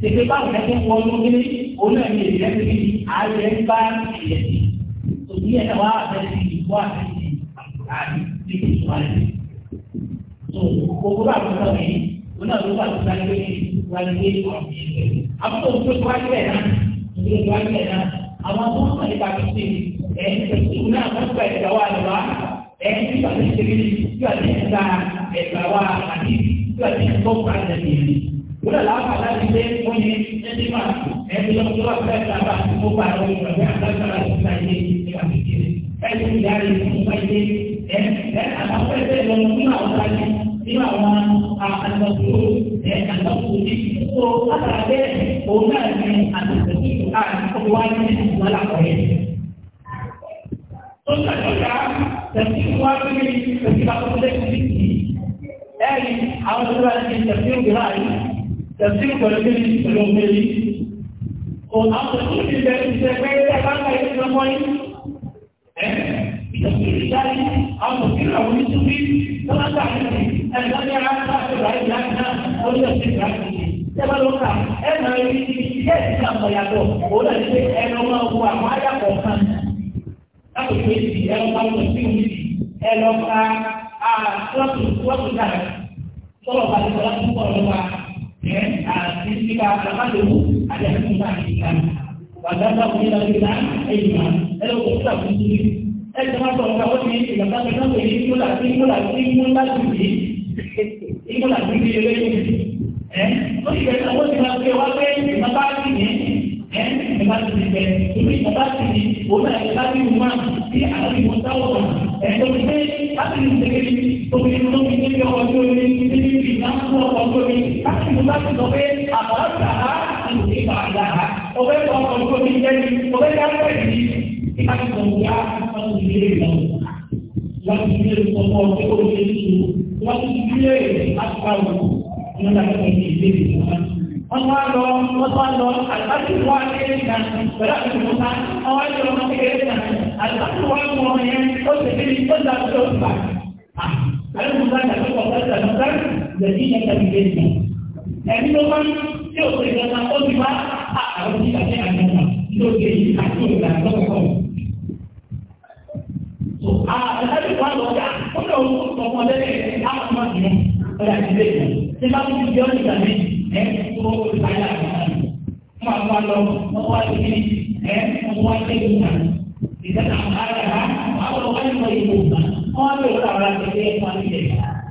tètè báwo ẹ ti ń wọnú nílé òun náà ní èdè ẹgbẹ́ bíi ààrẹ ń bá ilẹ̀ sí òbí ẹ̀ wá àtẹ̀sí ìwọ àtẹ̀sí àti títí ìwádìí. tó gbogbo àwọn ọ̀sán yìí òun náà ló wà ló sáré pé wáyé pé ọ̀rọ̀ yìí lè. àwọn tó ń gbé wáyé ẹ̀ náà ń gbé wáyé ẹ̀ náà àwọn tó ń sàn nípa tó ṣe ẹ̀ ń tẹ̀sí òun náà wọ́n gba ẹ̀dá wa lọ́wọ́ ẹ̀ ń tẹ̀sí ìgbà tó ṣe Bila lama dah di sini punya sentimen, eh belum keluar saya dapat buka rumah saya dan saya sudah ini dengan sendiri. Saya tidak ada buka ini, eh eh apa saya belum lima orang ini, lima orang akan berburu, eh akan berburu. So apa ada orang ini akan berburu, ah kebuan ini malah kering. Tunggu-tunggu, dan si kebuan ini, dan si kebuan ini, dan si kebuan ini, dan si kebuan ini, dan si kebuan ini, tẹ̀sí pẹ̀lú kí ni pẹ̀lú omi yìí kò àwọn tó ti bẹ ìṣe pé ẹgbẹ́ ńlá yìí ti lọ́mọ yìí ẹ ìtọ́sí ìdájí àwọn òbí rẹ̀ wọ́n ti bí tọ́lá ẹ̀dá ní ara ká ìrà ìyá náà lórí ọ̀sẹ̀ ìrà ìyá tẹ́lá ló kà ẹ̀ máa rí ti ilé ìdílé àmọ̀yàtọ̀ òun náà ti pé ẹnu máa wo àwọn ayàpọ̀ kan láti pé ẹnu máa wọ̀ sí omi ẹnu ká àtúntò tó wọ́n ti dà عنه على حكم بعد الإسلام وأن الله من البدع علما لو كنت مسلم أنت ما تقول لي إذا كان تقول لي كل أسلم كل أسلم كل أسلم Ibu nak beli dia lagi. Eh, so kita tahu kita pergi wakil, kita pergi ni, eh, kita pergi ni, kita pergi ni, bukan kita pergi rumah, dia ada di kota orang. Eh, so kita tapi ni sekali, so kita tu kita dia wakil ni, kita ni kita nak wakil ni, tapi kita pergi apa? بعدها وبين أمر كل شيء وبين أمر أن تنجح وتجير له وتجير الصفوات كل شيء وتجير أكثر من أن تجير Ọmọ lọ, ọmọ e e e lọ, àlùbáṣe wá kéde kan, pẹ̀lú àti mọ̀ta, ọmọ ayé ọmọ kékeré kan, àlùbáṣe wá mú ọmọ yẹn, ó sì fi ó tó tó fà. Àlùbáṣe wá kéde kan, pẹ̀lú àti mọ̀ta, ìgbẹ̀dí yẹn kàbí kéde kan. Ẹ̀mí ló máa ń tí o sọ̀rọ̀ ìgbàgbà tó ti wá àwọn tí ìgbàgbé àgbàgbà ló dé yìí àti ìgbàgbà a ìdájọ́ ìwà lọ sí àkókò òkú ọmọ lẹ́yìn àkọ́mọ́ ìlú ọ̀rẹ́ àti ilé ìlú tí bá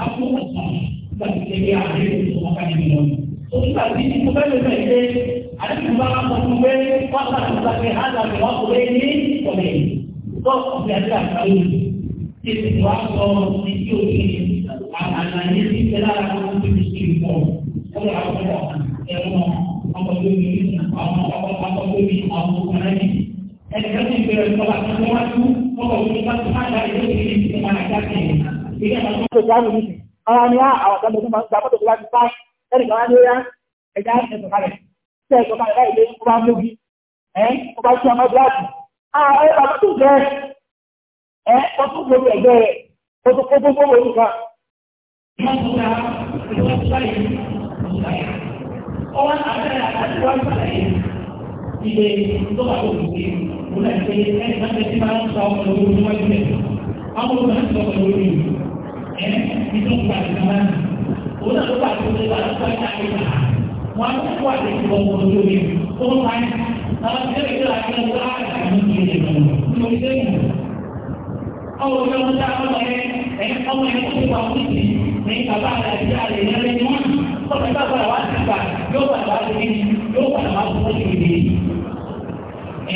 aku rasa tidak dikehendaki untuk makan di minum. Sehingga di situ kan ada ada kubah pasuwe, kuasa kita kehadiran di waktu ini, kami. So, saya tidak tahu. Jadi, waktu di situ ini, anak-anaknya di dalam rakyat itu miskin pun. Kalau aku tidak akan, saya orang apa demi apa apa apa demi apa orang lagi. Dan kami orang semua itu, apa yang kita lakukan dari itu, kita lakukan. ìsìlámù nìsí àwọn ni àwọn kan lọ́dún máa ń gba mọ́tò tó bá ti pa ẹnì kan wá ní óyá ẹja ẹ̀sùn kalẹ̀ tẹ́ ẹ̀sùn kalẹ̀ láì lé kó bá mójú ẹ̀ kó bá tí ọmọ gíláàsì àwọn ẹ̀ka tó tún jẹ ẹ̀ kó tún gbogbo ẹ̀gbẹ́ rẹ̀ kó tún kó tún gbogbo ẹ̀gbẹ́ rẹ̀. ọwọ́ àbẹ́rẹ́ àtàkùn ilé tó bá tó kùsì kò lẹ́sẹ̀ ẹni máa ń tẹ̀sí máa ń sọ ọmọ lórí wájú rẹ̀ àwọn olùkọ́ ẹ ìdí ìgbà ìgbà náà òun náà ló wà tó lè wà lọ́pọ̀ ìta ìta wọn á tó wà lè tìwọ́ wọn lórí omi tó ń pa àwọn ìṣẹ̀lẹ̀ tó láti lọ wá àgbàdo ní ilé ìgbà ní orí sẹ́yìn. ọwọ́ ìjọ ń dá ọmọ rẹ ẹ̀yìn ọmọ rẹ tó wà wíìsì ní bàbá rẹ àti àrẹ ìrẹ́lẹ̀ ní wọn tó fẹ́ bá wà wá sí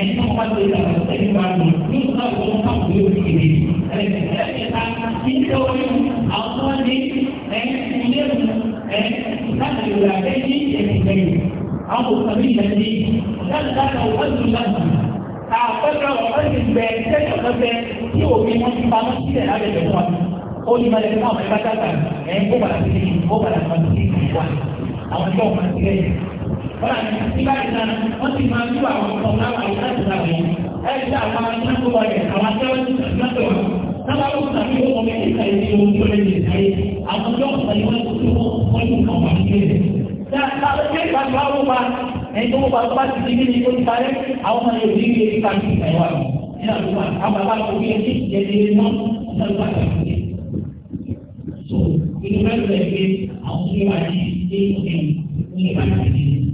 ẹni tó wọ́n ti lọ sí ìlú àgbọ̀n ní ìgbàgbọ́ wọn kàn wọ́n yóò fi lè ẹ̀ẹ́dẹ̀ẹ́dẹ́ta ìjọ orí àwọn tó ń di ilé mu láti ìlú àgbẹ̀ ní ìyẹ̀kẹ̀kẹ̀yìn àwọn òṣèlú ìyẹ̀kẹ̀ láti láti ọ̀pọ̀ ìlú láti àpẹẹrẹ ọ̀pọ̀ ìgbẹ́ sẹ́yìn ọ̀pẹ́ tí òbí wọn ti pamọ́ sílẹ̀ lábẹ́bẹ̀ wọn ó ní balẹ̀ fún àwọn ìbájáde ẹ̀ ń kó bàlá sí i kó bàlá sí i wá àwọn ìjọ ọ̀pọ̀ ìgbẹ́ yìí. orang yang tidak dengan mesti-mesti orang-orang yang tidak dengan ini. Eh, tidak, orang yang tidak dengan orang yang tidak dengan Sama aku tak tahu orang yang tidak dengan ini, untuk yang tidak dengan ini. Aku tahu saya orang yang tidak dengan ini, untuk orang yang tidak dengan ini. Dan tak ada yang tidak dengan orang yang tidak dengan ini, saya, aku tak tahu diri yang tidak dengan ini. Ina rumah, apa apa aku punya sih, jadi memang serba terpenting. So, ini kan sudah dikit, aku punya wajib, ini penting, ini kan penting.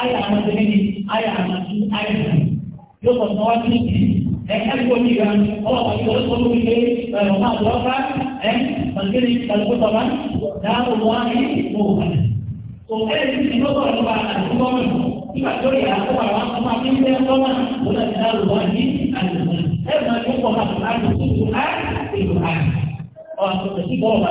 ayé àwọn ṣe níbi ayé àwọn ṣe ayé ṣe yóò sọ fún wa ní ẹ ẹ ní ìyá ọwọ́ àwọn ìyá ọlọ́pàá ló ń gbé ẹ̀rọ máa lọ bá ẹ pàṣẹlẹ ìpàdé bàbá dáàbò wọn ní ìfò òkàlẹ̀. kò ẹ ẹ ti ló sọ̀rọ̀ nípa àdúgbò mi nígbà tó yẹ àkókò àwọn ọmọ àti ilé ẹ̀kọ́ náà kò náà ti dáàbò wọn ní àdúgbò ẹ máa tó pọ̀ máa tó láti tuntun á èlò á ọ̀ àtọ̀tọ̀ sí bọ́ọ̀ bá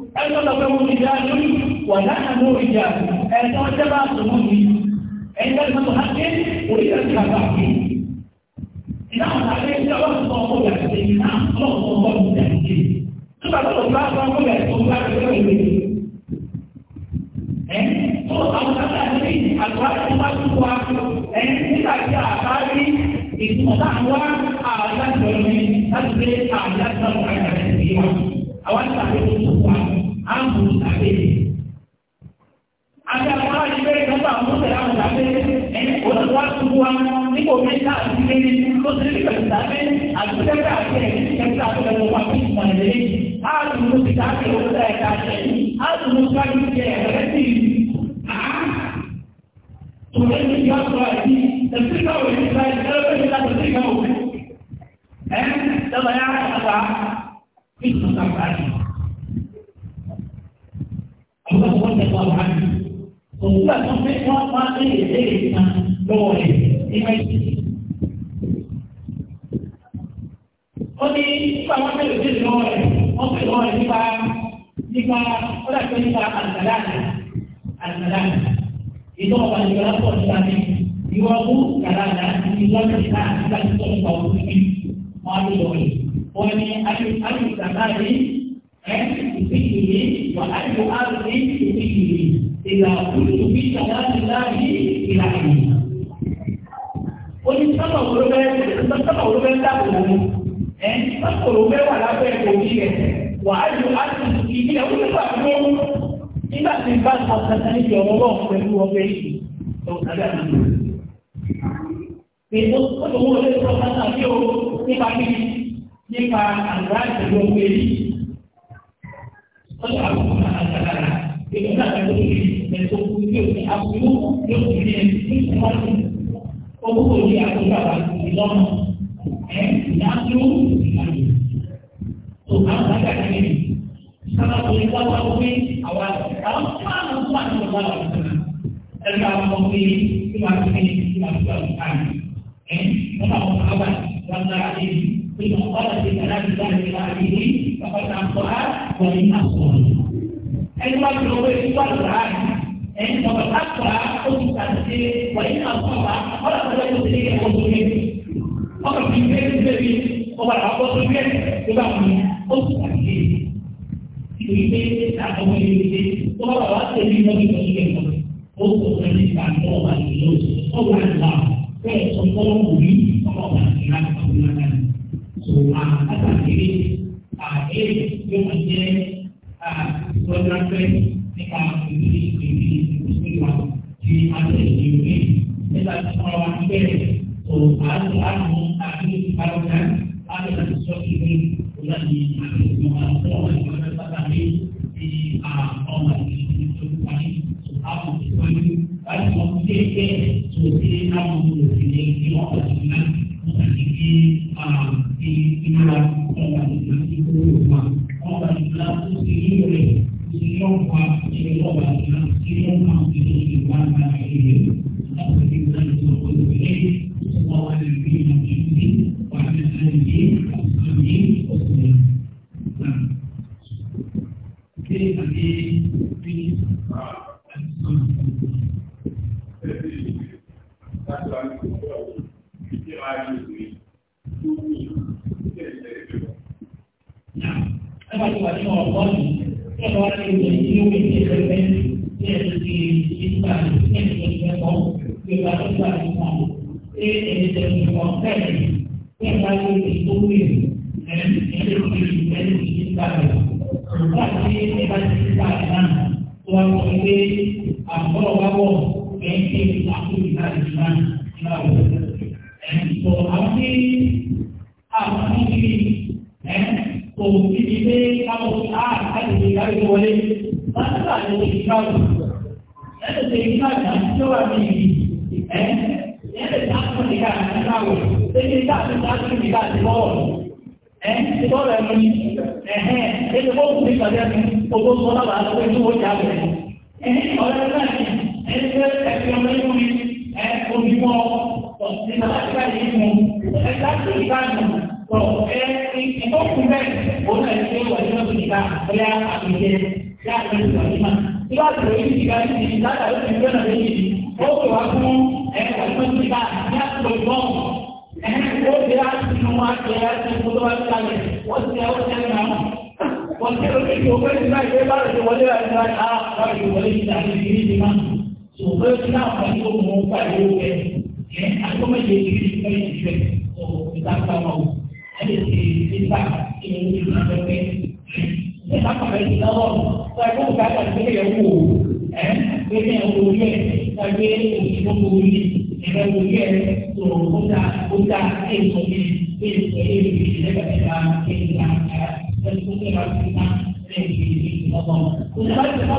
ẹjọ́ lọ pé mo ti dá lórí wà láàrín mú ìjà ẹjọ́ jẹ́ bá sọ mọ́ mi ẹjọ́ ìgbà tó hàkẹ́ orí ẹ̀ ti bàbá mi. ìdáhùn àti ẹjọ́ wà sọ ọkọ̀ rẹ̀ àti ẹ̀yìn náà lọ́wọ́ ọkọ̀ mi dà sí. nígbà tó lọ bá sọ ọkọ̀ rẹ̀ tó bá rẹ̀ lọ́wọ́ ìwé. ẹ̀ tó àwọn kàkà ní àgbà tó bá tún wá ẹ̀ nígbà tí a bá rí ìtumọ̀ táwọn àwọn aláṣọ àmùrù tàbílì. Àti àwọn ará ìgbé ìjọba àmúṣẹ̀ àwọn tàbílì ẹni òṣèlú wá túbú wa nípò mẹ́ta àti ilé ní tó ti rí pẹ̀lú tàbílì àti tẹ́tà àti ẹ̀mí ti kẹta àti ẹ̀mí wa fi ìmọ̀ ìlérí. Ààrùn ló ti káàkiri owó tẹ́ ẹ̀ka àṣẹ yìí. Ààrùn ló ká ní jẹ ẹ̀rẹ́ sí i. Tòlẹ́ ní ìyá ọ̀sọ̀ àti tẹ̀síkà òní ìgbà ìgbà ẹ̀rọ wao qe an layan m duyane je kwen yon kandine ìlà kúlù bí sàlámì láàyè ìlà ìlú. ó ní sábà òwúrọ̀ bẹ́ẹ̀ sábà òwúrọ̀ bẹ́ẹ̀ dáàbò lọ́wọ́ ẹ̀ sábà òwúrọ̀ bẹ́ẹ̀ wà lábẹ́ ẹ̀kọ́ bí rẹ̀ wàá yọ àti ìdí ẹ̀ wọ́n bá tó nígbà tí bá ta kàtà níbi ọ̀rọ̀ wọ̀ pẹ̀lú ọgbẹ́ yìí tó tàbí àná. Èso ó lè wọ́n lè sọ kàtà bí o nípa kíni nípa àgbà ìṣẹ̀lẹ̀ ọgbẹ́ yìí. Ó lè àgbà Dia kata tak boleh diri. Dan so, tujuh ni aku, dia boleh diri sendiri, sama ada. Kau pun boleh diri aku tak lagi, di dalam. Eh, dia aku, dia lagi. So, kalau tak ada diri. Sama boleh buat apa pun, awal. Kalau tak ada buat apa pun, awal. Dan kalau kau pun diri, cuma aku ini, cuma aku tak Eh, kau tak mau kawan, kau tak ada diri. Kau tak ada diri, kau tak ada diri, kau tak ada diri, kau tak ada diri, kau tak ada diri, kau tak ada diri, Ainah berubah sifat berat. Ainah berapa untuk kasih, wajib apa orang orang pada itu sendiri yang mengurusnya. Maka bimbing sendiri, orang apa bimbing juga untuk kasih. Bimbing tak boleh bimbing, orang orang sendiri mesti bimbing. Untuk kasihkan orang itu, orang lain. Kalau semua bumi, maka orang tidak menggunakan semua. Atas ini, akhir yang menjadi ìtọ́jú nípa ìrírí ìrírí ìrírí wa ti àtẹ̀lé orí nígbà tí wọ́n wá bẹ̀rẹ̀ tó àlọ́ àmú àti ìpàdé àbẹ̀rẹ̀ àti sọ́ọ̀kì ní ìlànà àtẹ̀lé wa tó wà ní ọjọ́ sábà ní ti ọmọ ìrírí tó ń parí tó àwọn ìtọ́jú láti wọ́n kéèké tó ti àwọn olùdíje ní ọ̀pọ̀ ìlànà. 把那个玻璃，再把那个因为电视、电视机、平板电视这些东西，就把这块地方，再进行一个封闭。àtúntò ìlú wo jà bẹ̀rẹ̀. Ẹni ọ̀rẹ́ náà ẹni tẹ́ ẹ̀fẹ́ ọmọ inú mi ẹ omi ọ̀sìn náà láti yìí mu ẹ láti ìgbà tọ̀ ẹ ìtọ́kùn bẹ́ẹ̀ òun náà ti wà ní ọdún ìgbà ọ̀rẹ́ àgbèjẹ láti ìgbà yìí mà. Ìgbà tó yìí ti gbà yìí ti ti wọlé àti wọ́n á wọ́n ti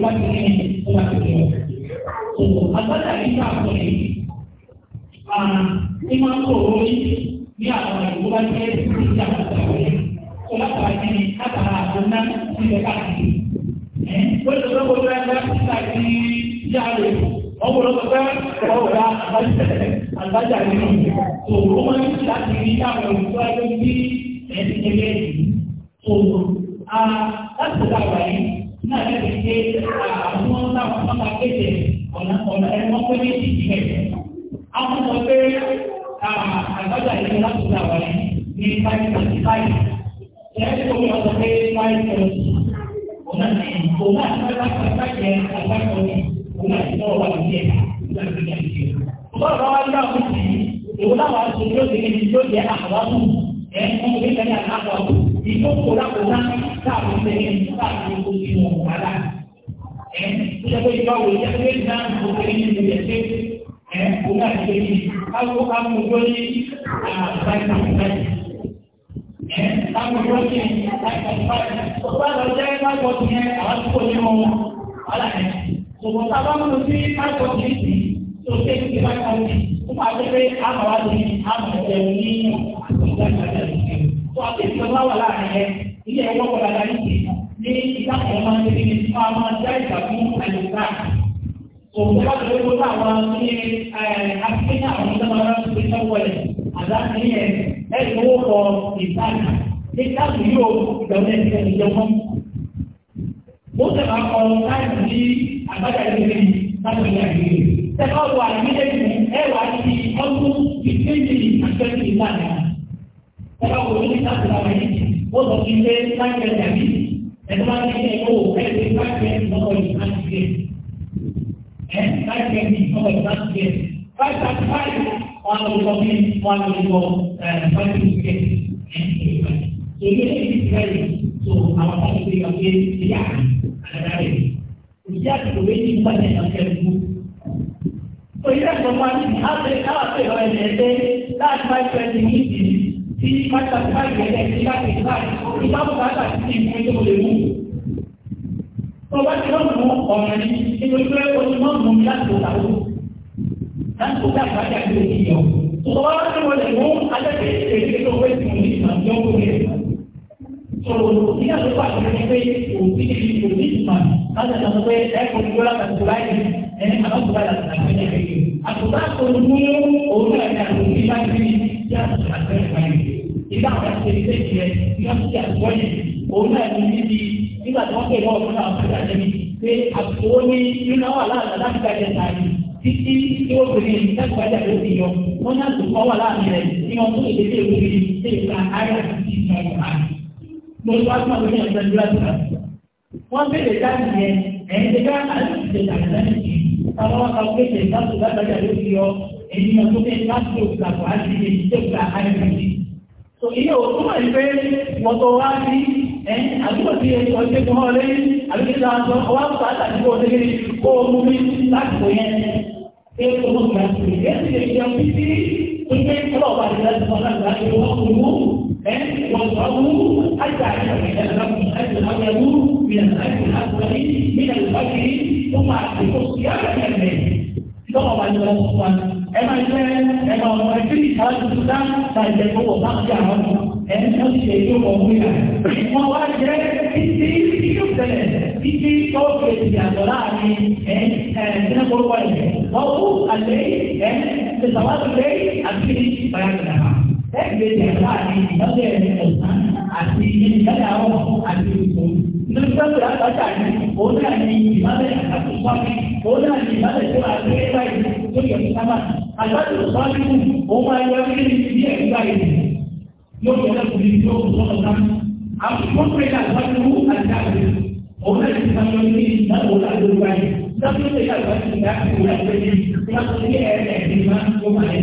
buat ini sudah terjadi. Sungguh, apa dah kita beri? Ah, imam tuh ini dia orang buat ini tidak terjadi. Sudah terjadi, apa benar tidak àgbájá tó lè yíyọ. Sọ̀rọ̀ wá sí wọlé mú ajẹ́pẹ́ èdè tó wé sí ní ìmọ̀ tó wé. Sọ̀rọ̀ ní àdúgbò àgbẹ̀rẹ̀ pé òbí ti di òbí ìmọ̀ láti ṣàtọ̀ pé ẹ̀kọ́ ní wọ́lá tàbí láì ẹni àbáṣọ bá yàtọ̀ àgbẹ̀ ní ẹ̀kẹ́ yìí. Àtúntà tó ń mú òun náà ní àtúntì bá ń bí yàtọ̀ àgbẹ̀rẹ̀ báyìí. Ìgbà àwọn àti ìdílé ìjẹ ìgbà tó ti àtúwọ́ yìí òun náà ní níbi nígbà tí wọ́n pè wọ́n fún àwọn àti àjẹmí pé àtúwọ́ ní nínú mi lẹ́kọ̀ọ́ ẹ̀jẹ̀ ló ti yọ wọ́n ní àtúntò ọwọ́ láàmì rẹ̀ ní wọn tó lè dé ìwé mi lè ka ayé àti ìmọ̀ ọ̀hà. mo ní wàá tún àwọn ènìyàn sẹ́ni lọ́sàn-án. wọ́n béèrè dáàbì yẹn ẹ̀yìn ti ká àti ìṣẹ̀lẹ̀ àgbẹ̀lẹ̀ ti káwọn wọn kà wọ́n ṣe ìdáàbò lágbàjá ló ti yọ ènìyàn tó fẹ́ láti òkùnkàbọ̀ àti ìṣẹ̀lẹ̀ ayé àti so iye òkú wà pé mọ̀tò wá ní ẹ̀yìn àdúgbò tí ẹ̀yìn ọ̀ṣẹ́gun ọ̀rẹ́ àbíkẹ́ta ọwọ́ àtàkùn ọ̀ṣẹ́gun o mú mi láti yang kemudian dia tidak siap diri untuk kalau pada zaman dahulu waktu itu dan waktu itu ada yang dalam hati dalam yang dulu bila saya hati hati bila pagi umat itu siapa yang ini kita mau baca Al-Quran. Emang saya, emang orang ini salah satu orang, saya jadi orang yang ẹ̀ẹ́dọ́ ṣe yóò mọ̀ wíyà. Wọ́n wá jẹ́ títí yóò tẹ̀lẹ̀ títí tó fèsì àjọ láàrin ẹ̀ ẹ̀ẹ́dẹ́gbẹ́ gbogbo ẹ̀. Wọ́n kú àlẹ́ ẹ̀ ṣèṣàwá lulẹ̀ àti ìbáyàgbà. Ẹ̀ẹ́dẹ́ jẹ́ láàrin ìdájọ́ ẹ̀mí ọ̀sán àti ìdájọ́ àti ìṣòro. Nígbà tó yà bàtà ní òun náà ní ìbálẹ̀ àtàkùnfà òun náà ní ìbálẹ̀ tó àti ẹ̀ka ìlú tó yẹ kí sábà. Àgbàdo sọ́ọ́dún òun máa yọ kí ní ìdí ẹ̀ yóò yẹ lẹ́kùn ní yóò sọ ọ̀dà àwọn kọ́ńtà àgbàdo àdáàbò òun náà ti sọ yọ ní ìdáwó àdúgbò wáyé dábò ní àgbàdo àdáàbò àgbàdo ìgbàdo ní ẹ̀rẹ́ ìgbà tó wáyé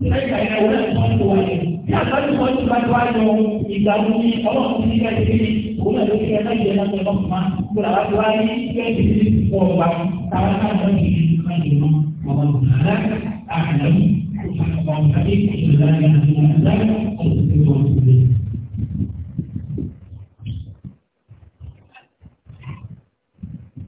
lẹ́yìn àyẹ̀wò náà tó ń tó wáyé bí àgbàdo wọn ti bá tó wáyé ìgbà wo ni ọlọ́run ti ká ti rí òun náà ló ti ká láyé lọ́sọ̀ lọ́kùnmá kó làwọn tó wáyé kẹ́ ti rí ọ̀gbà táwọn náà lọ́ Allah Taala ini adalah yang terbaik untuk semua.